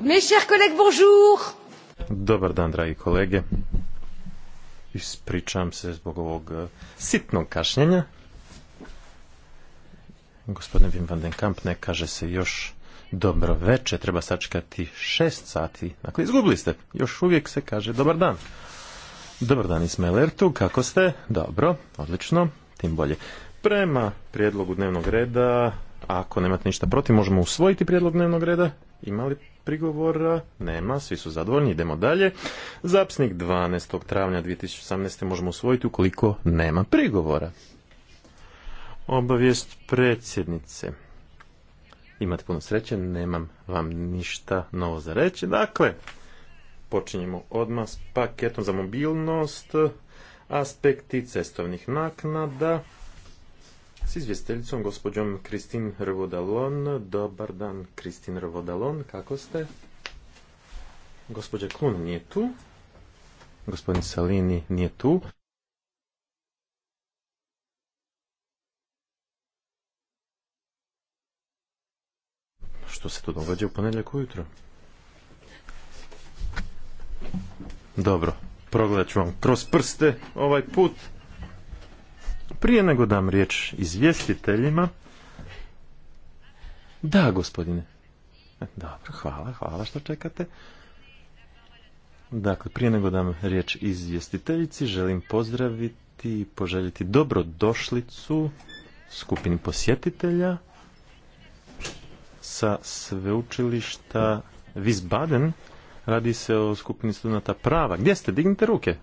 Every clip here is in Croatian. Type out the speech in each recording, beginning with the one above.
Mes chers collègues, bonjour. Dobar dan, dragi kolege. Ispričam se zbog ovog eh, sitnog kašnjenja. Gospodin Wim van den Kamp ne kaže se još dobro večer, treba sačekati šest sati. Dakle, izgubili ste. Još uvijek se kaže dobar dan. Dobar dan Ismail Ertu, kako ste? Dobro, odlično, tim bolje. Prema prijedlogu dnevnog reda, ako nemate ništa protiv, možemo usvojiti prijedlog dnevnog reda. Ima li prigovora? Nema, svi su zadovoljni, idemo dalje. Zapisnik 12. travnja 2018. možemo usvojiti ukoliko nema prigovora. Obavijest predsjednice. Imate puno sreće, nemam vam ništa novo za reći. Dakle, počinjemo odmah s paketom za mobilnost, aspekti cestovnih naknada s izvjestiteljicom gospođom Kristin Rvodalon. Dobar dan, Kristin Rvodalon, kako ste? Gospođa Kun nije tu. Gospodin Salini nije tu. Što se tu događa u ponedjeljak ujutro? Dobro, progledat ću vam kroz prste ovaj put. Prije nego dam riječ izvjestiteljima. Da, gospodine. E, dobro, hvala, hvala što čekate. Dakle, prije nego dam riječ izvjestiteljici, želim pozdraviti i poželjiti dobrodošlicu skupini posjetitelja sa sveučilišta Wiesbaden Radi se o skupini studenta prava. Gdje ste? Dignite ruke.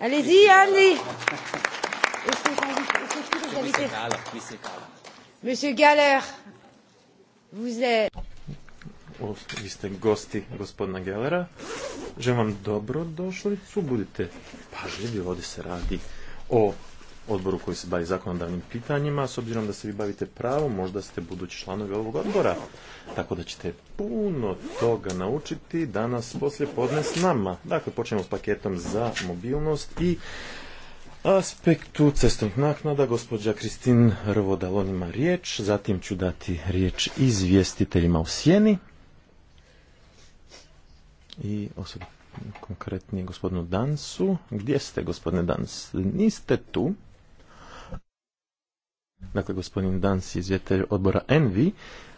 Allez-y, Monsieur vous êtes... O, vi ste gosti gospodina Gellera. Želim vam dobro došlicu, budite pažljivi, ovdje se radi o odboru koji se bavi zakonodavnim pitanjima, s obzirom da se vi bavite pravom, možda ste budući članovi ovog odbora, tako da ćete puno toga naučiti danas poslije podne s nama. Dakle, počnemo s paketom za mobilnost i aspektu cestovnih naknada. Gospođa Kristin Rvodalon ima riječ, zatim ću dati riječ izvjestiteljima u sjeni i osobi konkretnije gospodinu Dansu. Gdje ste gospodine Dans? Niste tu. Dakle, gospodin Dans, izvjetelj odbora Envi.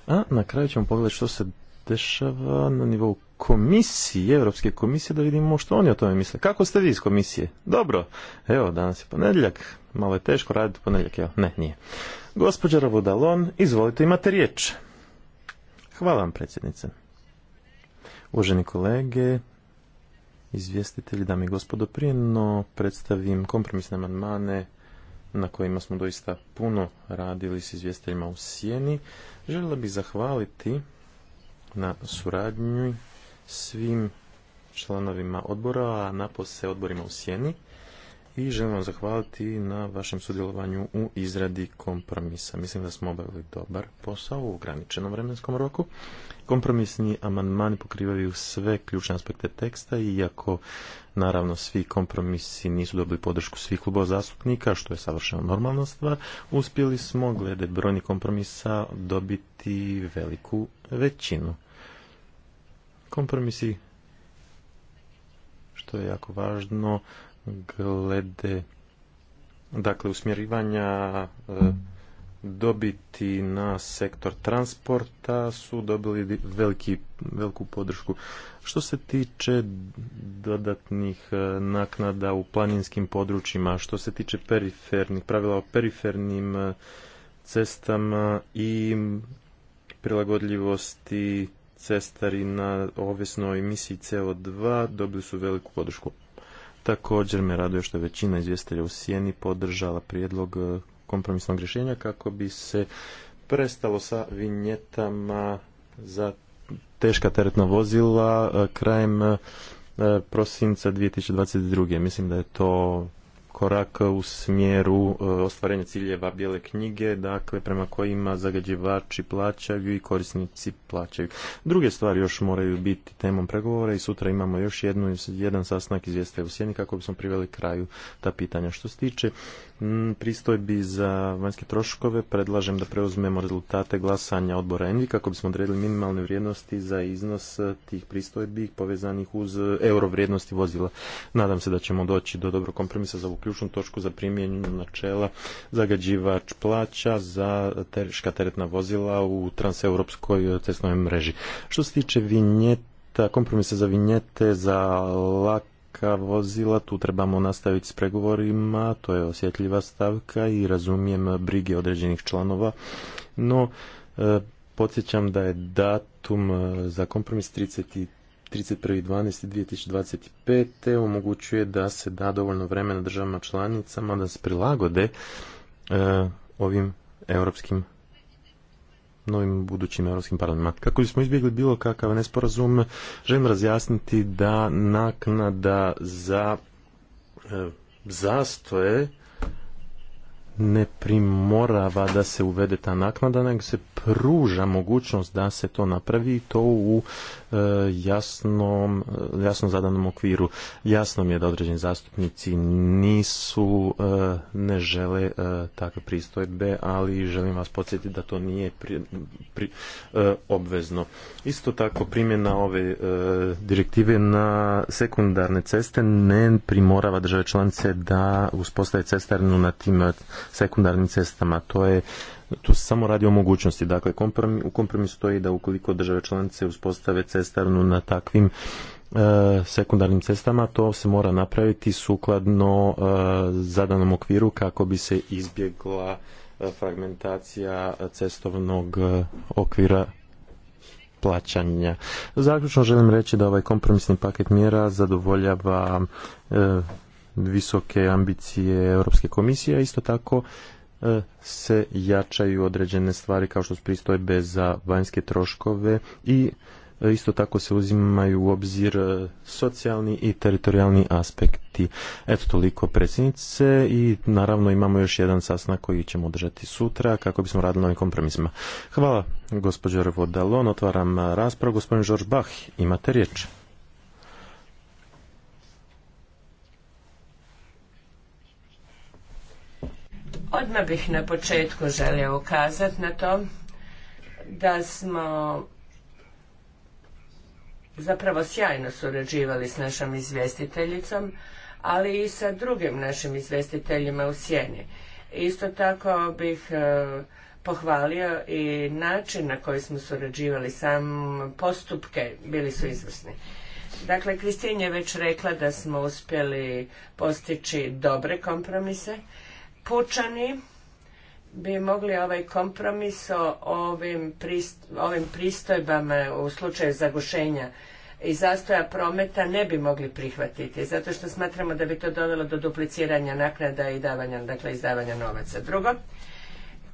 A na kraju ćemo pogledati što se dešava na nivou komisije, Europske komisije, da vidimo što oni o tome misle. Kako ste vi iz komisije? Dobro, evo, danas je ponedjeljak, malo je teško raditi ponedjeljak, evo, ne, nije. Gospođa Ravodalon, izvolite, imate riječ. Hvala vam, predsjednice. Uvaženi kolege, izvjestitelji, dame i gospodo, prije predstavim kompromisne amandmane na kojima smo doista puno radili s izvjestiteljima u Sjeni. Želila bih zahvaliti na suradnju svim članovima odbora, a napose odborima u Sjeni i želim vam zahvaliti na vašem sudjelovanju u izradi kompromisa. Mislim da smo obavili dobar posao u ograničenom vremenskom roku. Kompromisni amandmani pokrivaju sve ključne aspekte teksta, iako naravno svi kompromisi nisu dobili podršku svih klubova zastupnika, što je savršeno normalna stvar, uspjeli smo glede brojni kompromisa dobiti veliku većinu. Kompromisi, što je jako važno, glede dakle usmjerivanja e, dobiti na sektor transporta su dobili veliki, veliku podršku. Što se tiče dodatnih e, naknada u planinskim područjima, što se tiče perifernih pravila o perifernim e, cestama i prilagodljivosti cestari na o emisiji CO2 dobili su veliku podršku. Također me raduje što je većina izvjestitelja u Sjeni podržala prijedlog e, kompromisnog rješenja kako bi se prestalo sa vinjetama za teška teretna vozila e, krajem e, prosinca 2022. Mislim da je to korak u smjeru e, ostvarenja ciljeva bijele knjige, dakle prema kojima zagađivači plaćaju i korisnici plaćaju. Druge stvari još moraju biti temom pregovora i sutra imamo još jednu, jedan sastanak izvjestaja u Sjeni kako bismo priveli kraju ta pitanja. Što se tiče pristojbi za vanjske troškove, predlažem da preuzmemo rezultate glasanja odbora ENVI kako bismo odredili minimalne vrijednosti za iznos tih pristojbi povezanih uz euro vrijednosti vozila. Nadam se da ćemo doći do dobro kompromisa za ovu ključnu točku za primjenju načela zagađivač plaća za teška teretna vozila u transeuropskoj cestnoj mreži. Što se tiče vinjeta, kompromisa za vinjete, za lak vozila, tu trebamo nastaviti s pregovorima, to je osjetljiva stavka i razumijem brige određenih članova, no e, podsjećam da je datum e, za kompromis 30. 31.12.2025. omogućuje da se da dovoljno vremena državama članicama da se prilagode e, ovim europskim novim budućim europskim parlamentima. Kako bismo izbjegli bilo kakav nesporazum, želim razjasniti da naknada za e, zastoje ne primorava da se uvede ta naknada, nego se pruža mogućnost da se to napravi i to u E, e, jasno zadanom okviru. Jasno mi je da određeni zastupnici nisu, e, ne žele takve pristojbe, ali želim vas podsjetiti da to nije obvezno. Isto tako primjena ove direktive na sekundarne ceste ne primorava države članice da uspostave cestarinu na tim sekundarnim cestama. To je tu se samo radi o mogućnosti. Dakle, u kompromisu stoji da ukoliko države članice uspostave cestarnu na takvim e, sekundarnim cestama, to se mora napraviti sukladno e, zadanom okviru kako bi se izbjegla e, fragmentacija cestovnog okvira plaćanja. Zaključno želim reći da ovaj kompromisni paket mjera zadovoljava visoke ambicije Europske komisije, a isto tako E, se jačaju određene stvari kao što su pristojbe za vanjske troškove i e, isto tako se uzimaju u obzir e, socijalni i teritorijalni aspekti. Eto toliko predsjednice i naravno imamo još jedan sasnak koji ćemo održati sutra kako bismo radili na ovim kompromisima. Hvala gospođo Revodalon, otvaram raspravu. Gospodin Žorž Bach, imate riječ. Odmah bih na početku želio ukazati na to da smo zapravo sjajno surađivali s našom izvjestiteljicom, ali i sa drugim našim izvjestiteljima u sjeni. Isto tako bih e, pohvalio i način na koji smo surađivali, sam postupke bili su izvrsni. Dakle, Kristin je već rekla da smo uspjeli postići dobre kompromise pučani bi mogli ovaj kompromis o ovim, pristojbama u slučaju zagušenja i zastoja prometa ne bi mogli prihvatiti, zato što smatramo da bi to dovelo do dupliciranja naknada i davanja, dakle izdavanja novaca. Drugo,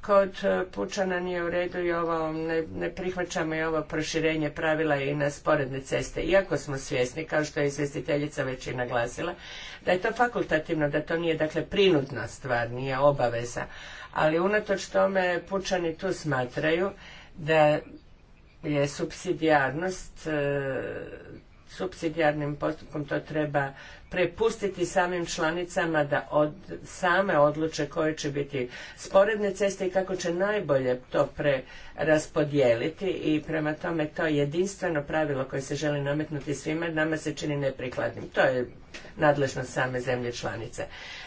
kod e, pučana nije u redu i ovo ne, prihvaćamo i ovo proširenje pravila i na sporedne ceste. Iako smo svjesni, kao što je izvjestiteljica već i naglasila, da je to fakultativno, da to nije dakle prinudna stvar, nije obaveza. Ali unatoč tome pučani tu smatraju da je supsidijarnost, e, supsidijarnim postupkom to treba prepustiti samim članicama da od, same odluče koje će biti sporedne ceste i kako će najbolje to preraspodijeliti i prema tome to jedinstveno pravilo koje se želi nametnuti svima nama se čini neprikladnim. To je nadležnost same zemlje članice.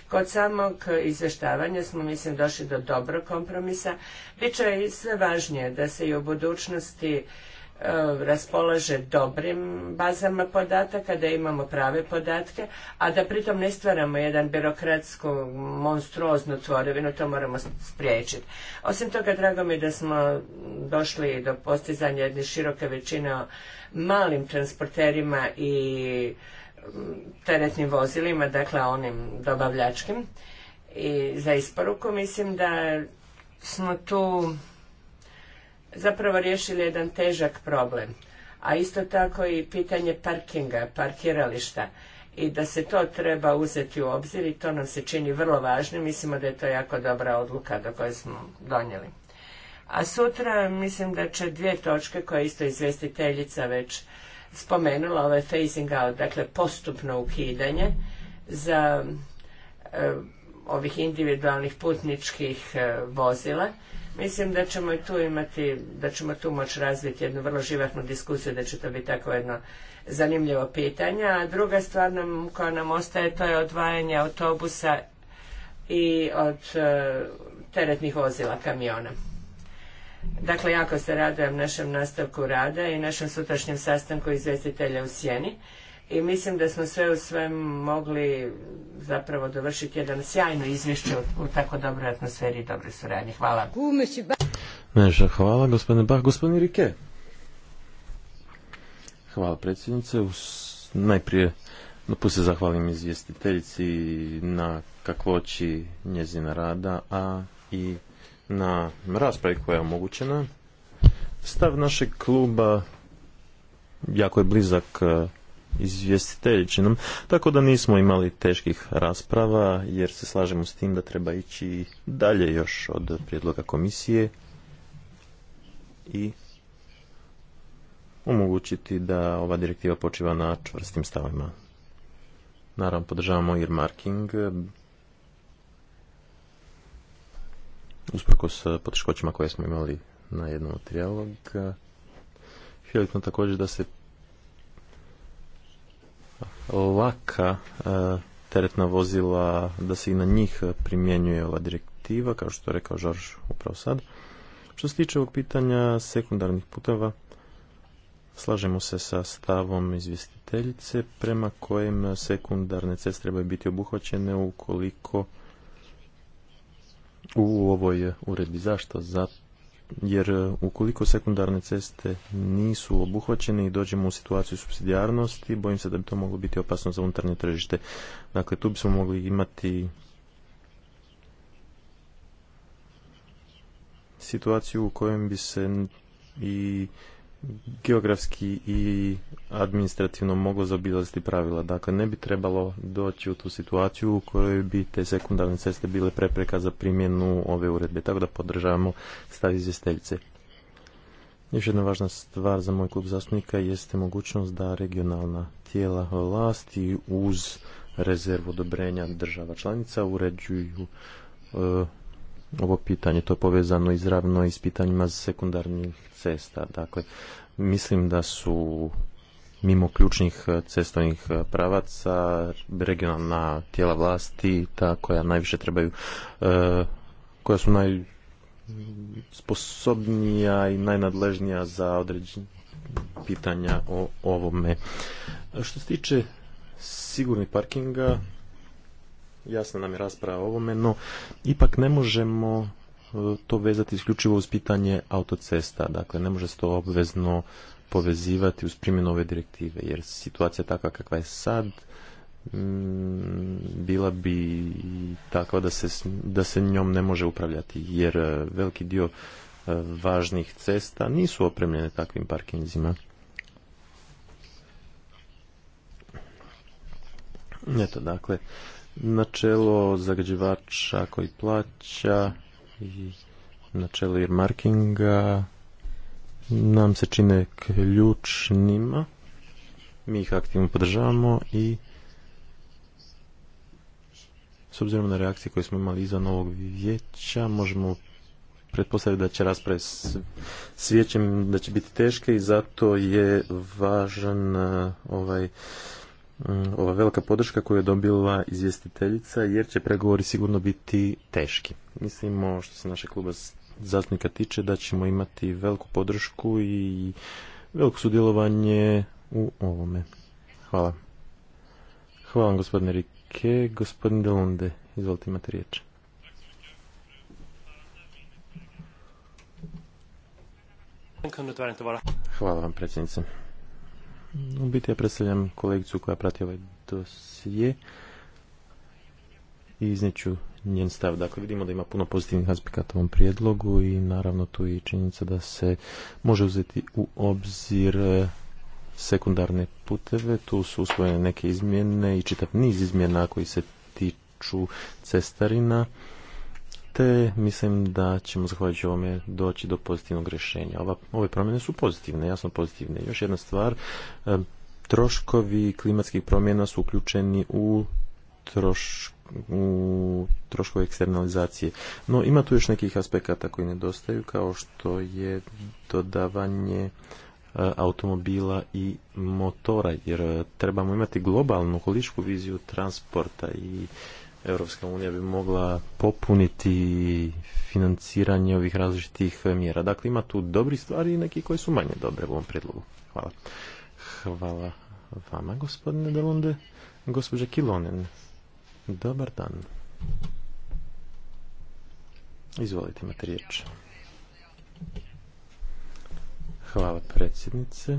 Kod samog izvještavanja smo, mislim, došli do dobrog kompromisa. Biće i sve važnije da se i u budućnosti E, raspolaže dobrim bazama podataka, da imamo prave podatke, a da pritom ne stvaramo jedan birokratsku monstruoznu tvorevinu, to moramo spriječiti. Osim toga, drago mi je da smo došli do postizanja jedne široke većine o malim transporterima i teretnim vozilima, dakle onim dobavljačkim i za isporuku. Mislim da smo tu zapravo riješili jedan težak problem, a isto tako i pitanje parkinga, parkirališta i da se to treba uzeti u obzir i to nam se čini vrlo važno. Mislimo da je to jako dobra odluka do koje smo donijeli. A sutra mislim da će dvije točke koje isto izvjestiteljica već spomenula, ovaj phasing out, dakle postupno ukidanje za e, ovih individualnih putničkih e, vozila Mislim da ćemo i tu imati, da ćemo tu moći razviti jednu vrlo živahnu diskusiju, da će to biti tako jedno zanimljivo pitanje. A druga stvar koja nam ostaje, to je odvajanje autobusa i od e, teretnih vozila, kamiona. Dakle, jako se radujem našem nastavku rada i našem sutrašnjem sastanku izvjestitelja u Sjeni i mislim da smo sve u svem mogli zapravo dovršiti jedan sjajno izvješće u, tako dobroj atmosferi i dobroj suradnji. Hvala. hvala gospodine Bach. Gospodine Rike. Hvala predsjednice. Najprije se zahvalim izvjestiteljici na kakvoći njezina rada, a i na raspravi koja je omogućena. Stav našeg kluba jako je blizak eh, izvjestiteljičinom, tako da nismo imali teških rasprava jer se slažemo s tim da treba ići dalje još od prijedloga komisije i omogućiti da ova direktiva počiva na čvrstim stavima. Naravno, podržavamo earmarking, usprkos poteškoćama koje smo imali na jednom od trijaloga. Htjeli također da se laka e, teretna vozila, da se i na njih primjenjuje ova direktiva, kao što je rekao Žorž upravo sad. Što se tiče ovog pitanja sekundarnih puteva, slažemo se sa stavom izvjestiteljice prema kojem sekundarne ceste trebaju biti obuhvaćene ukoliko u ovoj uredbi. Zašto? Zato jer e, ukoliko sekundarne ceste nisu obuhvaćene i dođemo u situaciju subsidijarnosti, bojim se da bi to moglo biti opasno za unutarnje tržište. Dakle, tu bismo mogli imati situaciju u kojem bi se i geografski i administrativno mogu zaobilaziti pravila. Dakle, ne bi trebalo doći u tu situaciju u kojoj bi te sekundarne ceste bile prepreka za primjenu ove uredbe. Tako da podržavamo stav izvjestiteljice. Još jedna važna stvar za moj klub zastupnika jeste mogućnost da regionalna tijela vlasti uz rezervu odobrenja država članica uređuju e, ovo pitanje. To je povezano izravno i s pitanjima sekundarnih cesta. Dakle, mislim da su mimo ključnih eh, cestovnih eh, pravaca regionalna tijela vlasti ta koja najviše trebaju eh, koja su naj sposobnija i najnadležnija za određenje pitanja o ovome. Što se tiče sigurnih parkinga, jasna nam je rasprava o ovome, no ipak ne možemo e, to vezati isključivo uz pitanje autocesta. Dakle, ne može se to obvezno povezivati uz primjenu ove direktive, jer situacija takva kakva je sad, mm, bila bi takva da se, da se njom ne može upravljati, jer e, veliki dio e, važnih cesta nisu opremljene takvim parkinzima. Eto, dakle, načelo zagađivača koji plaća i načelo e-markinga nam se čine ključnima. Mi ih aktivno podržavamo i s obzirom na reakcije koje smo imali iza novog vijeća, možemo pretpostaviti da će rasprave s vijećem da će biti teške i zato je važan eh, ovaj Mm, ova velika podrška koju je dobila izvjestiteljica jer će pregovori sigurno biti teški. Mislimo što se naše kluba zastupnika tiče da ćemo imati veliku podršku i veliko sudjelovanje u ovome. Hvala. Hvala vam gospodine Rike. Gospodin Delonde, izvolite imate riječ. Hvala vam predsjednice. U biti ja predstavljam kolegicu koja prati ovaj dosije i izneću njen stav. Dakle, vidimo da ima puno pozitivnih aspekata u ovom prijedlogu i naravno tu i činjenica da se može uzeti u obzir e, sekundarne puteve. Tu su usvojene neke izmjene i čitav niz izmjena koji se tiču cestarina te mislim da ćemo zahvaljujući ovome doći do pozitivnog rješenja. Ova, ove promjene su pozitivne, jasno pozitivne. Još jedna stvar, troškovi klimatskih promjena su uključeni u troškovi u troškove eksternalizacije. No, ima tu još nekih aspekata koji nedostaju, kao što je dodavanje e, automobila i motora, jer e, trebamo imati globalnu količku viziju transporta i Europska unija bi mogla popuniti financiranje ovih različitih mjera. Dakle, ima tu dobri stvari i neki koji su manje dobre u ovom predlogu. Hvala. Hvala vama, gospodine Delonde. Gospođa Kilonen, dobar dan. Izvolite, imate riječ. Hvala predsjednice.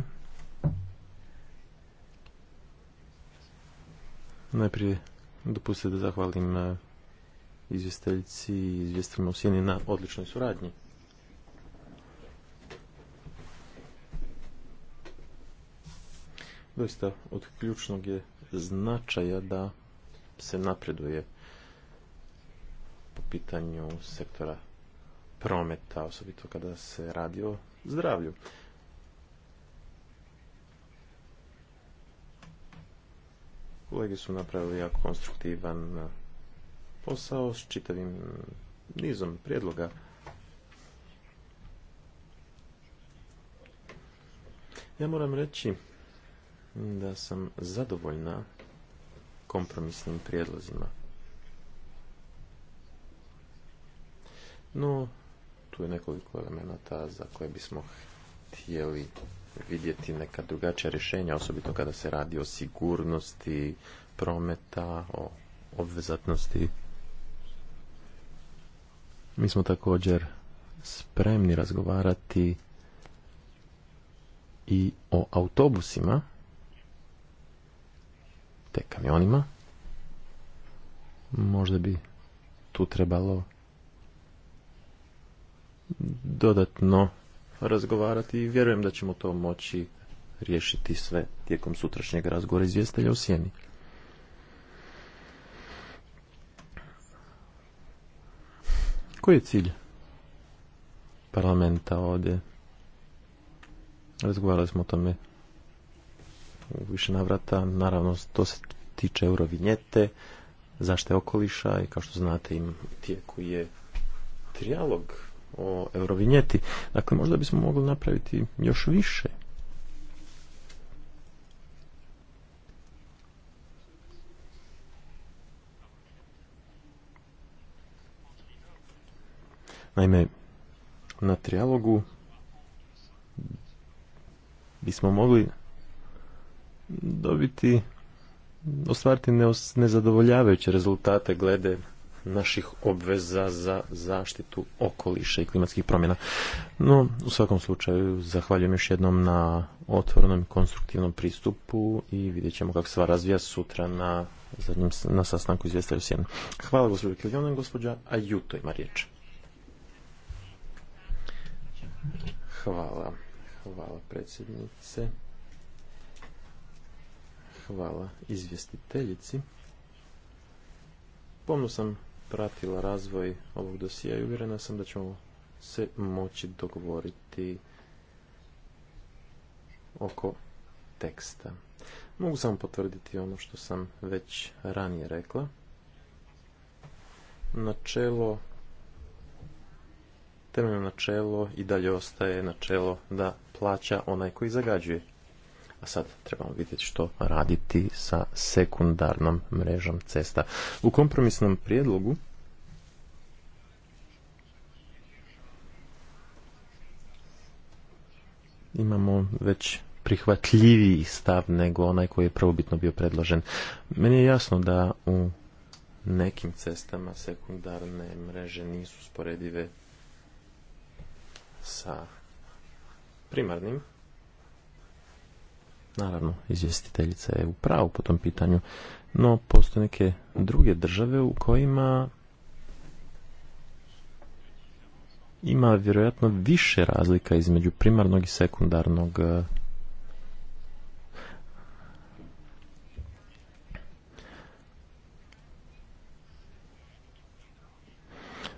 Najprije Dopustite da zahvalim e, izvjestiteljici i izvjestiteljima u Sjeni na odličnoj suradnji. Doista, od ključnog je značaja da se napreduje po pitanju sektora prometa, osobito kada se radi o zdravlju. Kolege su napravili jako konstruktivan e, posao s čitavim nizom prijedloga. Ja moram reći da sam zadovoljna kompromisnim prijedlozima. No, tu je nekoliko elemenata za koje bismo htjeli vidjeti neka drugačija rješenja, osobito kada se radi o sigurnosti prometa, o obvezatnosti. Mi smo također spremni razgovarati i o autobusima, te kamionima. Možda bi tu trebalo dodatno razgovarati i vjerujem da ćemo to moći riješiti sve tijekom sutrašnjeg razgovora izvjestelja u Sjeni. Koji je cilj parlamenta ovdje? Razgovarali smo o tome u više navrata. Naravno, to se tiče eurovinjete, zašte okoliša i kao što znate im tijeku je trijalog o eurovinjeti. Dakle, možda bismo mogli napraviti još više. Naime, na trijalogu bismo mogli dobiti ostvariti nezadovoljavajuće rezultate glede naših obveza za zaštitu okoliša i klimatskih promjena. No, u svakom slučaju, zahvaljujem još jednom na otvorenom konstruktivnom pristupu i vidjet ćemo kako sva razvija sutra na, zadnjem, na sastanku izvjestaju sjenu Hvala gospođo Kiljona, gospođa Ajuto ima riječ. Hvala. Hvala predsjednice. Hvala izvjestiteljici. Pomno sam pratila razvoj ovog dosija i uvjerena sam da ćemo se moći dogovoriti oko teksta. Mogu samo potvrditi ono što sam već ranije rekla. Načelo, temeljno načelo i dalje ostaje načelo da plaća onaj koji zagađuje. A sad trebamo vidjeti što raditi sa sekundarnom mrežom cesta. U kompromisnom prijedlogu imamo već prihvatljiviji stav nego onaj koji je prvobitno bio predložen. Meni je jasno da u nekim cestama sekundarne mreže nisu sporedive sa primarnim Naravno, izvjestiteljica je u pravu po tom pitanju, no postoje neke druge države u kojima ima vjerojatno više razlika između primarnog i sekundarnog eh,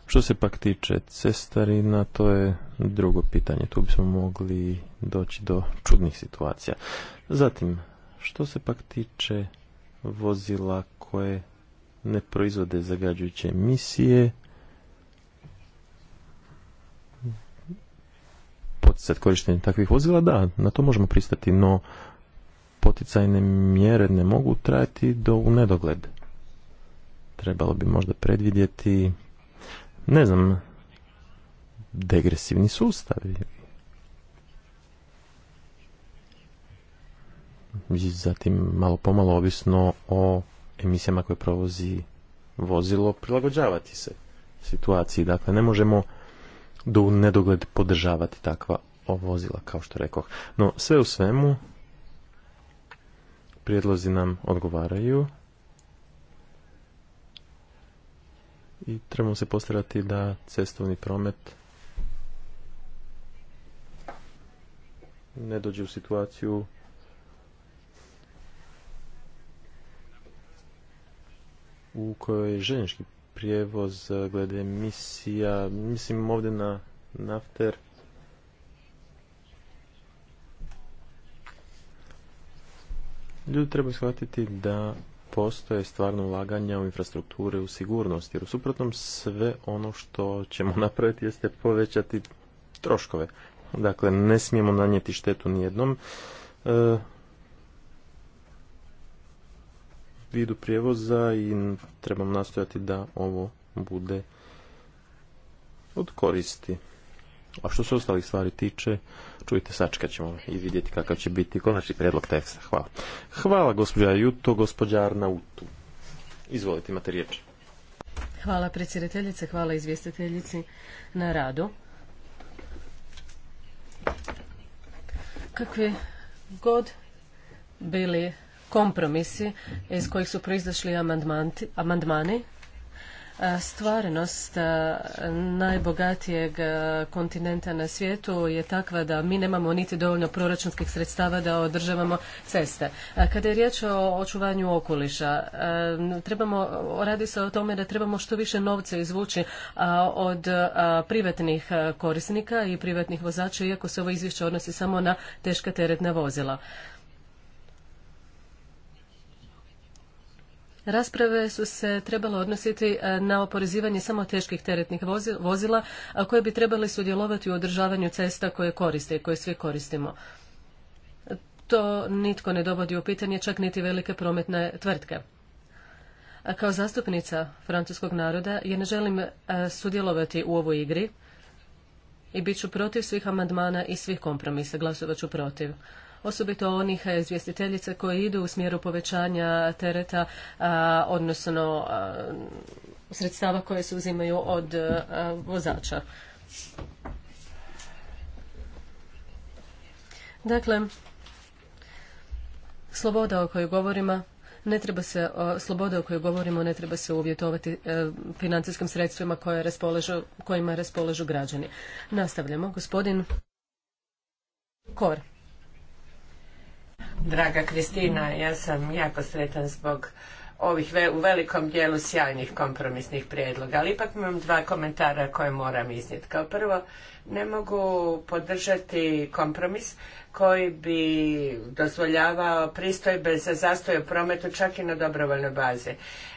Što se pak tiče cestarina, to je drugo pitanje. Tu bismo mogli doći do čudnih situacija. Zatim, što se pak tiče vozila koje ne proizvode zagađujuće emisije, poticat korištenje takvih vozila, da, na to možemo pristati, no poticajne mjere ne mogu trajati do u nedogled. Trebalo bi možda predvidjeti ne znam, degresivni sustav. I zatim malo pomalo ovisno o emisijama koje provozi vozilo prilagođavati se situaciji. Dakle, ne možemo do u nedogled podržavati takva vozila, kao što rekoh. No, sve u svemu, prijedlozi nam odgovaraju i trebamo se postarati da cestovni promet ne dođe u situaciju u kojoj je željeznički prijevoz glede emisija, mislim ovdje na nafter. Ljudi treba shvatiti da postoje stvarno ulaganja u infrastrukture, u sigurnosti jer u suprotnom sve ono što ćemo napraviti jeste povećati troškove. Dakle, ne smijemo nanijeti štetu nijednom e, vidu prijevoza i trebamo nastojati da ovo bude od koristi. A što se ostalih stvari tiče, čujte, sačekat ćemo i vidjeti kakav će biti konačni predlog teksta. Hvala. Hvala, gospođa Juto, gospođa Utu. Izvolite, imate riječ. Hvala predsjedateljice, hvala izvjestiteljici na radu. Kakve god bili kompromisi iz kojih su proizašli amandmani, Stvarnost najbogatijeg kontinenta na svijetu je takva da mi nemamo niti dovoljno proračunskih sredstava da održavamo ceste. Kada je riječ o očuvanju okoliša, trebamo, radi se o tome da trebamo što više novca izvući od privatnih korisnika i privatnih vozača, iako se ovo izvješće odnosi samo na teška teretna vozila. Rasprave su se trebale odnositi e, na oporezivanje samo teških teretnih vozila koje bi trebali sudjelovati u održavanju cesta koje koriste i koje svi koristimo. To nitko ne dovodi u pitanje, čak niti velike prometne tvrtke. Kao zastupnica francuskog naroda ja ne želim e, sudjelovati u ovoj igri i bit ću protiv svih amandmana i svih kompromisa. Glasovat ću protiv osobito onih izvjestiteljica koji idu u smjeru povećanja tereta, odnosno sredstava koje se uzimaju od vozača. Dakle, sloboda o kojoj govorimo ne treba se, sloboda o kojoj govorimo ne treba se uvjetovati e, financijskim sredstvima kojima raspolažu građani. Nastavljamo. Gospodin Kor. Draga Kristina, ja sam jako sretan zbog ovih u velikom dijelu sjajnih kompromisnih prijedloga, ali ipak imam dva komentara koje moram iznijeti. Kao prvo, ne mogu podržati kompromis koji bi dozvoljavao pristojbe za zastoj u prometu čak i na dobrovoljnoj bazi.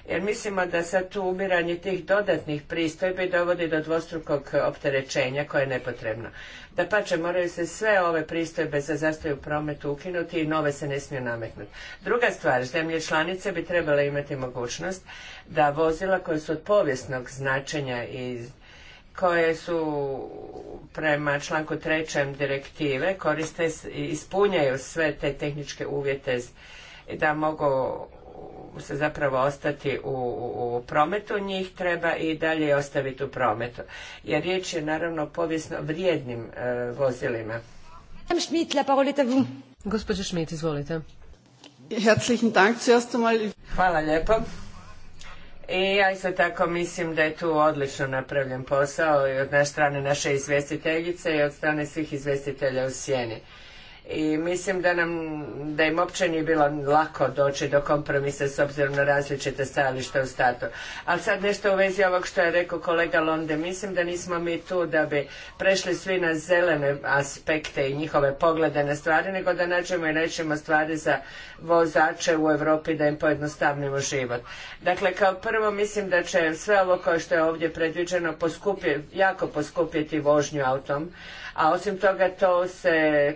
Jer mislimo da sad tu umiranje tih dodatnih pristojbi dovodi do dvostrukog opterećenja koje je nepotrebno. Da pače, moraju se sve ove pristojbe za zastoj u prometu ukinuti i nove se ne smiju nametnuti. Druga stvar, zemlje članice bi trebale imati mogućnost da vozila koja su od povijesnog značenja i koje su prema članku trećem direktive koriste i ispunjaju sve te tehničke uvjete da mogu se zapravo ostati u, prometu, njih treba i dalje ostaviti u prometu. Jer riječ je naravno povijesno vrijednim e, vozilima. Gospođo Šmit, izvolite. Hvala lijepo. I ja isto tako mislim da je tu odlično napravljen posao i od strane naše izvjestiteljice i od strane svih izvjestitelja u sjeni i mislim da nam da im uopće nije bilo lako doći do kompromisa s obzirom na različite stajališta u statu. Ali sad nešto u vezi ovog što je rekao kolega Londe, mislim da nismo mi tu da bi prešli svi na zelene aspekte i njihove poglede na stvari, nego da nađemo i rečemo stvari za vozače u Europi da im pojednostavnimo život. Dakle, kao prvo mislim da će sve ovo koje što je ovdje predviđeno jako poskupjeti vožnju autom, a osim toga to se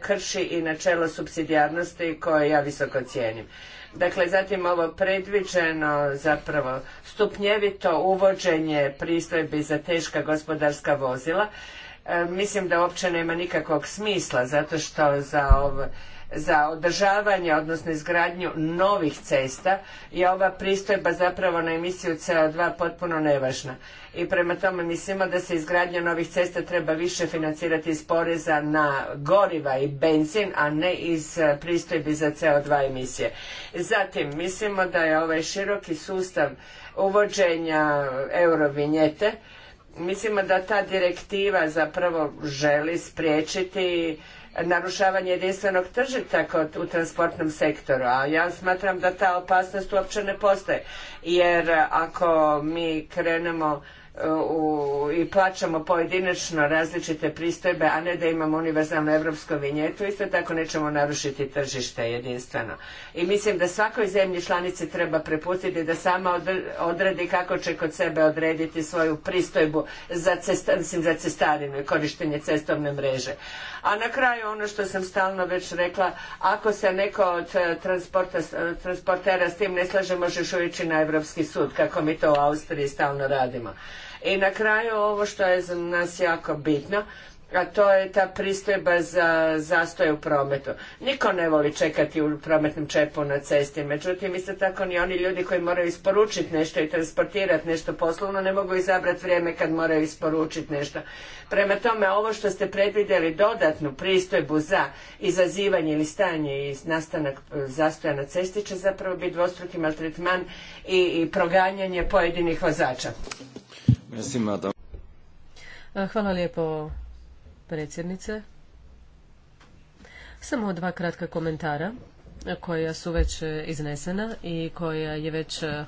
krši i načelo supsidijarnosti koje ja visoko cijenim. Dakle, zatim ovo predviđeno zapravo stupnjevito uvođenje pristojbi za teška gospodarska vozila, e, mislim da uopće nema nikakvog smisla zato što za za održavanje, odnosno izgradnju novih cesta je ova pristojba zapravo na emisiju CO2 potpuno nevažna i prema tome mislimo da se izgradnja novih cesta treba više financirati iz poreza na goriva i benzin, a ne iz e, pristojbi za CO2 emisije. Zatim, mislimo da je ovaj široki sustav uvođenja eurovinjete, mislimo da ta direktiva zapravo želi spriječiti narušavanje jedinstvenog tržišta u transportnom sektoru, a ja smatram da ta opasnost uopće ne postoje. Jer ako mi krenemo i plaćamo pojedinačno različite pristojbe, a ne da imamo univerzalnu europsku vinjetu, isto tako nećemo narušiti tržište jedinstveno. I mislim da svakoj zemlji članici treba prepustiti da sama odredi kako će kod sebe odrediti svoju pristojbu za, mislim, za cestarinu i korištenje cestovne mreže. A na kraju ono što sam stalno već rekla, ako se neko od e, e, transportera s tim ne slaže, možeš ući na Europski sud, kako mi to u Austriji stalno radimo. I na kraju ovo što je za nas jako bitno, a to je ta pristojba za zastoj u prometu. Niko ne voli čekati u prometnom čepu na cesti, međutim isto tako ni oni ljudi koji moraju isporučiti nešto i transportirati nešto poslovno ne mogu izabrati vrijeme kad moraju isporučiti nešto. Prema tome ovo što ste predvidjeli dodatnu pristojbu za izazivanje ili stanje i nastanak e, zastoja na cesti će zapravo biti dvostruki maltretman i, i proganjanje pojedinih vozača. Hvala lijepo, predsjednice. Samo dva kratka komentara koja su već e, iznesena i koja je već e,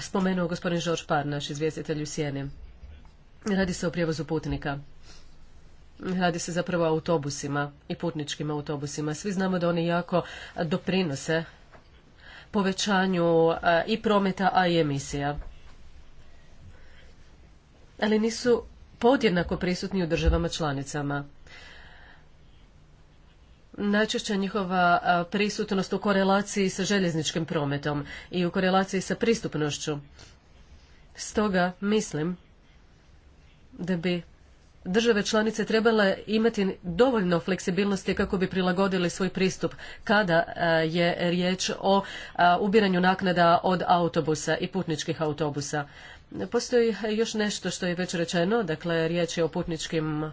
spomenuo gospodin Žorž Parnaš, izvjestitelj u Sjeni. Radi se o prijevozu putnika. Radi se zapravo o autobusima i putničkim autobusima. Svi znamo da oni jako doprinose povećanju i prometa, a i emisija ali nisu podjednako prisutni u državama članicama. Najčešća njihova prisutnost u korelaciji sa željezničkim prometom i u korelaciji sa pristupnošću. Stoga mislim da bi države članice trebale imati dovoljno fleksibilnosti kako bi prilagodili svoj pristup kada je riječ o ubiranju naknada od autobusa i putničkih autobusa. Postoji još nešto što je već rečeno, dakle riječ je o putničkim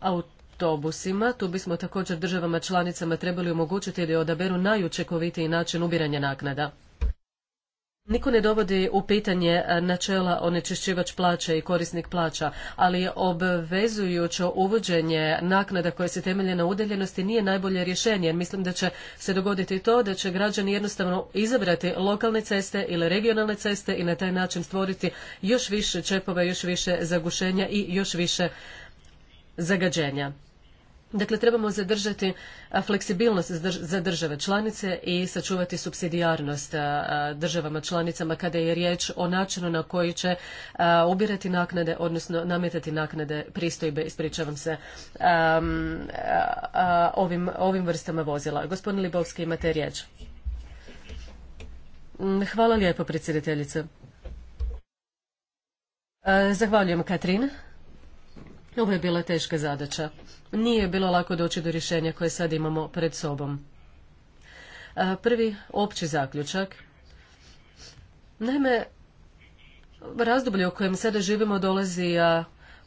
autobusima. Tu bismo također državama članicama trebali omogućiti da odaberu najučekovitiji način ubiranja naknada. Niko ne dovodi u pitanje e, načela onečišćivač plaća i korisnik plaća, ali obvezujuće uvođenje naknada koje se temelje na udaljenosti nije najbolje rješenje, mislim da će se dogoditi to da će građani jednostavno izabrati lokalne ceste ili regionalne ceste i na taj način stvoriti još više čepova, još više zagušenja i još više zagađenja. Dakle, trebamo zadržati fleksibilnost za države članice i sačuvati subsidijarnost državama članicama kada je riječ o načinu na koji će ubirati naknade, odnosno nametati naknade pristojbe, ispričavam se, ovim, vrstama vozila. Gospodin Libovski, imate riječ. Mm, hvala lijepo, predsjedateljice. Zahvaljujem, Katrin. Ovo je bila teška zadaća. Nije bilo lako doći do rješenja koje sad imamo pred sobom. Prvi opći zaključak. Naime, razdoblje u kojem sada živimo dolazi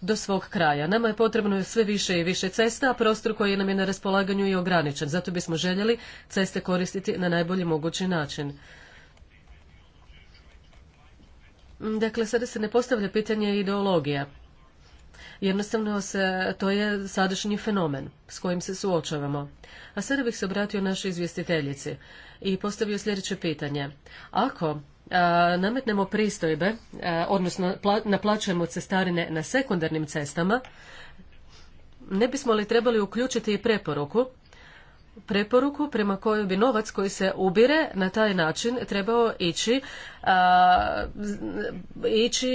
do svog kraja. Nama je potrebno sve više i više cesta, a prostor koji nam je na raspolaganju je ograničen. Zato bismo željeli ceste koristiti na najbolji mogući način. Dakle, sada se ne postavlja pitanje ideologija. Jednostavno se, to je sadašnji fenomen s kojim se suočavamo. A sada bih se obratio našoj izvjestiteljici i postavio sljedeće pitanje. Ako nametnemo pristojbe, odnosno pla, naplaćujemo cestarine na sekundarnim cestama, ne bismo li trebali uključiti i preporuku preporuku prema kojoj bi novac koji se ubire na taj način trebao ići a, ići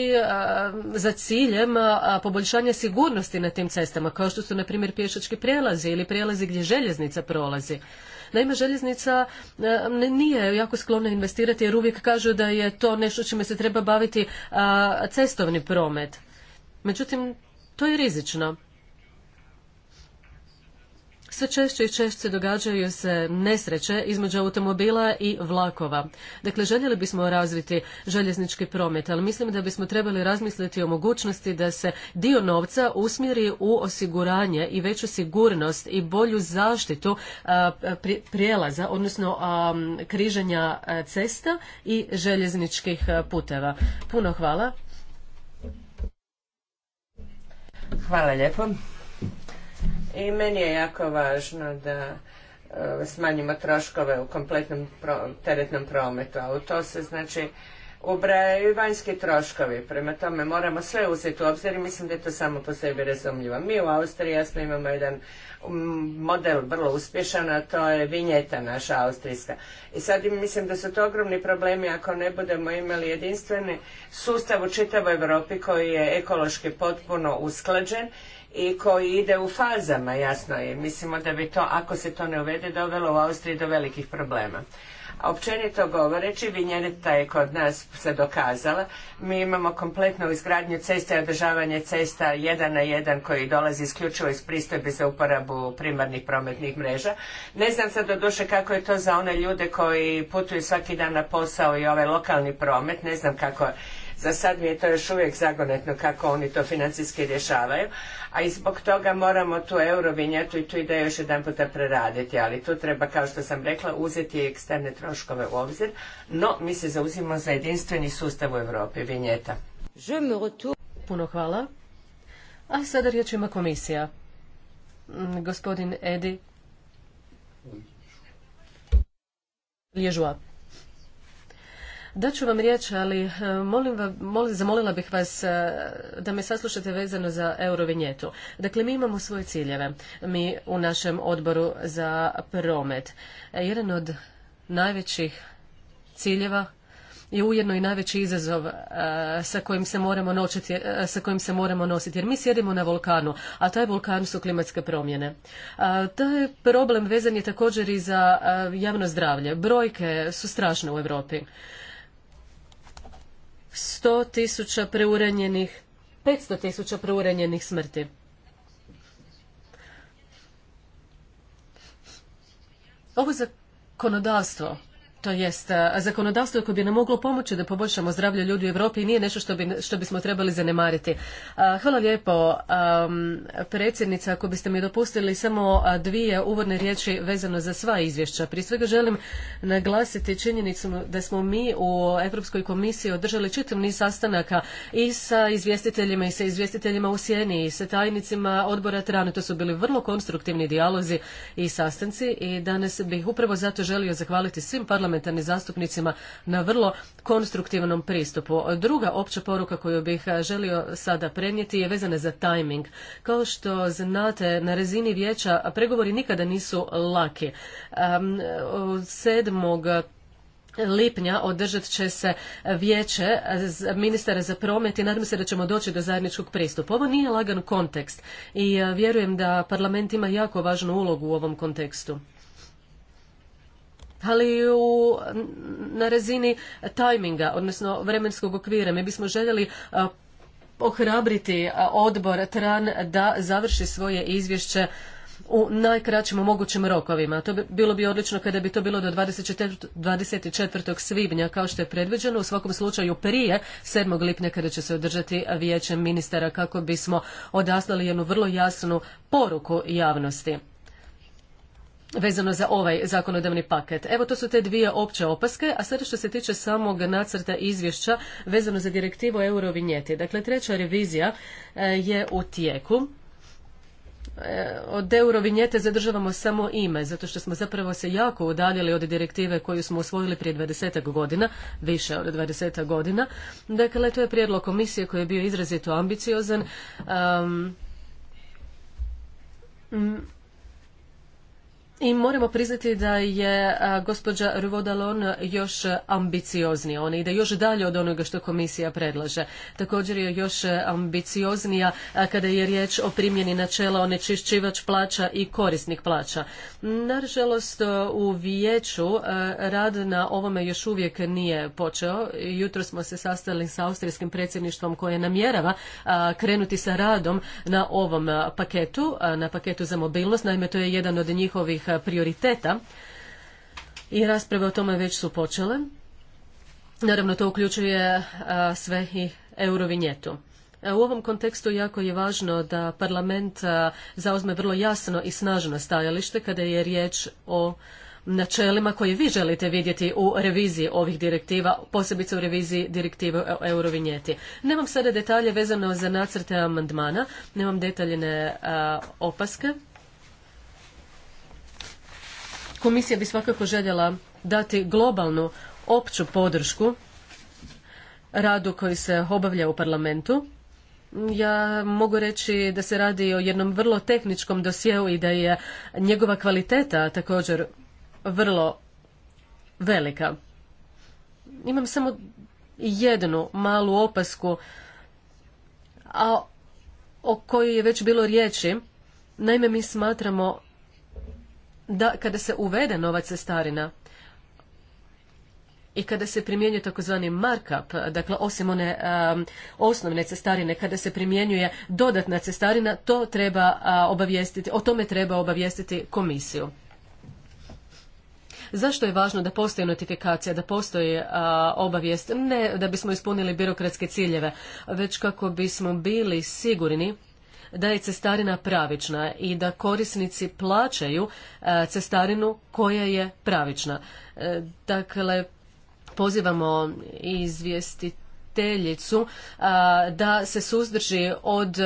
za ciljem poboljšanja sigurnosti na tim cestama kao što su na primjer pješački prijelazi ili prijelazi gdje željeznica prolazi naime željeznica nije jako sklona investirati jer uvijek kažu da je to nešto čime se treba baviti cestovni promet međutim to je rizično sve češće i češće događaju se nesreće između automobila i vlakova. Dakle, željeli bismo razviti željeznički promet, ali mislim da bismo trebali razmisliti o mogućnosti da se dio novca usmjeri u osiguranje i veću sigurnost i bolju zaštitu prijelaza, odnosno križanja križenja cesta i željezničkih puteva. Puno hvala. Hvala lijepo. I meni je jako važno da e, smanjimo troškove u kompletnom teretnom prometu, a u to se znači ubrajaju i vanjski troškovi. Prema tome moramo sve uzeti u obzir i mislim da je to samo po sebi razumljivo. Mi u Austriji jasno imamo jedan model vrlo uspješan, a to je vinjeta naša austrijska. I sad mislim da su to ogromni problemi ako ne budemo imali jedinstveni sustav u čitavoj Europi koji je ekološki potpuno usklađen i koji ide u fazama, jasno je. Mislimo da bi to, ako se to ne uvede, dovelo u Austriji do velikih problema. A općenito govoreći, vinjeta je kod nas se dokazala. Mi imamo kompletnu izgradnju cesta i održavanje cesta jedan na jedan koji dolazi isključivo iz pristojbe za uporabu primarnih prometnih mreža. Ne znam sad doduše kako je to za one ljude koji putuju svaki dan na posao i ovaj lokalni promet, ne znam kako za sad mi je to još uvijek zagonetno kako oni to financijski rješavaju, a i zbog toga moramo tu eurovinjetu i tu ideju još jedan puta preraditi, ali tu treba, kao što sam rekla, uzeti eksterne troškove u obzir, no mi se zauzimo za jedinstveni sustav u Europi vinjeta. Puno hvala. A sada komisija. Mm, gospodin Edi ću vam riječ, ali eh, molim, zamolila bih vas eh, da me saslušate vezano za eurovinjetu. Dakle, mi imamo svoje ciljeve, mi u našem odboru za promet. Eh, jedan od najvećih ciljeva je ujedno i najveći izazov sa kojim se moramo noćiti, sa kojim se moramo nositi jer mi sjedimo na vulkanu, a taj vulkan su klimatske promjene. To taj problem vezan je također i za javno zdravlje. Brojke su strašne u Europi. 100 tisuća preuranjenih, 500 tisuća preuranjenih smrti. Ovo zakonodavstvo to jest e, zakonodavstvo koje bi nam moglo pomoći da poboljšamo zdravlje ljudi u Europi nije nešto što, bismo trebali zanemariti. E, hvala lijepo predsjednica, ako biste mi dopustili samo dvije uvodne riječi vezano za sva izvješća. Prije svega želim naglasiti činjenicu da smo mi u Europskoj komisiji održali čitav niz sastanaka i sa izvjestiteljima i sa izvjestiteljima u sjeni i sa tajnicima odbora Trane. To su bili vrlo konstruktivni dijalozi i sastanci i danas bih upravo zato želio zahvaliti svim parlamentarnim parlamentarnim zastupnicima na vrlo konstruktivnom pristupu. Druga opća poruka koju bih eh, želio sada prenijeti je vezana za tajming. Kao što znate, na razini vijeća pregovori nikada nisu laki. Um, 7 lipnja održat će se vijeće ministara za promet i nadam se da ćemo doći do zajedničkog pristupa. Ovo nije lagan kontekst i eh, vjerujem da parlament ima jako važnu ulogu u ovom kontekstu ali u, na razini tajminga, odnosno vremenskog okvira. Mi bismo željeli ohrabriti odbor TRAN da završi svoje izvješće u najkraćim mogućim rokovima. To bi bilo bi odlično kada bi to bilo do 24. 24. svibnja kao što je predviđeno, u svakom slučaju prije 7. lipnja kada će se održati vijeće ministara kako bismo odaslali jednu vrlo jasnu poruku javnosti vezano za ovaj zakonodavni paket. Evo to su te dvije opće opaske, a sada što se tiče samog nacrta izvješća vezano za direktivu Eurovinjeti. Dakle, treća revizija e, je u tijeku e, od eurovinjete zadržavamo samo ime, zato što smo zapravo se jako udaljili od direktive koju smo usvojili prije 20 godina, više od 20 godina. Dakle, to je prijedlog komisije koji je bio izrazito ambiciozan i moramo priznati da je gospođa Ruvodalon još ambicioznija. Ona ide još dalje od onoga što komisija predlaže. Također je još ambicioznija kada je riječ o primjeni načela onečišćivač plaća i korisnik plaća. Nažalost, u vijeću rad na ovome još uvijek nije počeo. Jutro smo se sastali sa austrijskim predsjedništvom koje namjerava krenuti sa radom na ovom paketu, na paketu za mobilnost. Naime, to je jedan od njihovih Eh, prioriteta i rasprave o tome već su počele. Naravno, to uključuje eh, sve i eurovinjetu. Eh, u ovom kontekstu jako je važno da parlament zauzme vrlo jasno i snažno stajalište kada je riječ o načelima koje vi želite vidjeti u reviziji ovih direktiva, posebice u reviziji direktive o eurovinjeti. Nemam sada detalje vezano za nacrte amandmana, nemam detaljne opaske. Komisija bi svakako željela dati globalnu opću podršku radu koji se obavlja u parlamentu. Ja mogu reći da se radi o jednom vrlo tehničkom dosjeu i da je njegova kvaliteta također vrlo velika. Imam samo jednu malu opasku, a o kojoj je već bilo riječi. Naime, mi smatramo da kada se uvede nova cestarina i kada se primjenjuje takozvani markup, dakle osim one um, osnovne cestarine, kada se primjenjuje dodatna cestarina, to treba obavijestiti, o tome treba obavijestiti komisiju. Zašto je važno da postoji notifikacija, da postoji a, obavijest? Ne da bismo ispunili birokratske ciljeve, već kako bismo bili sigurni da je cestarina pravična i da korisnici plaćaju e, cestarinu koja je pravična. E, dakle, pozivamo izvjestiteljicu e, da se suzdrži od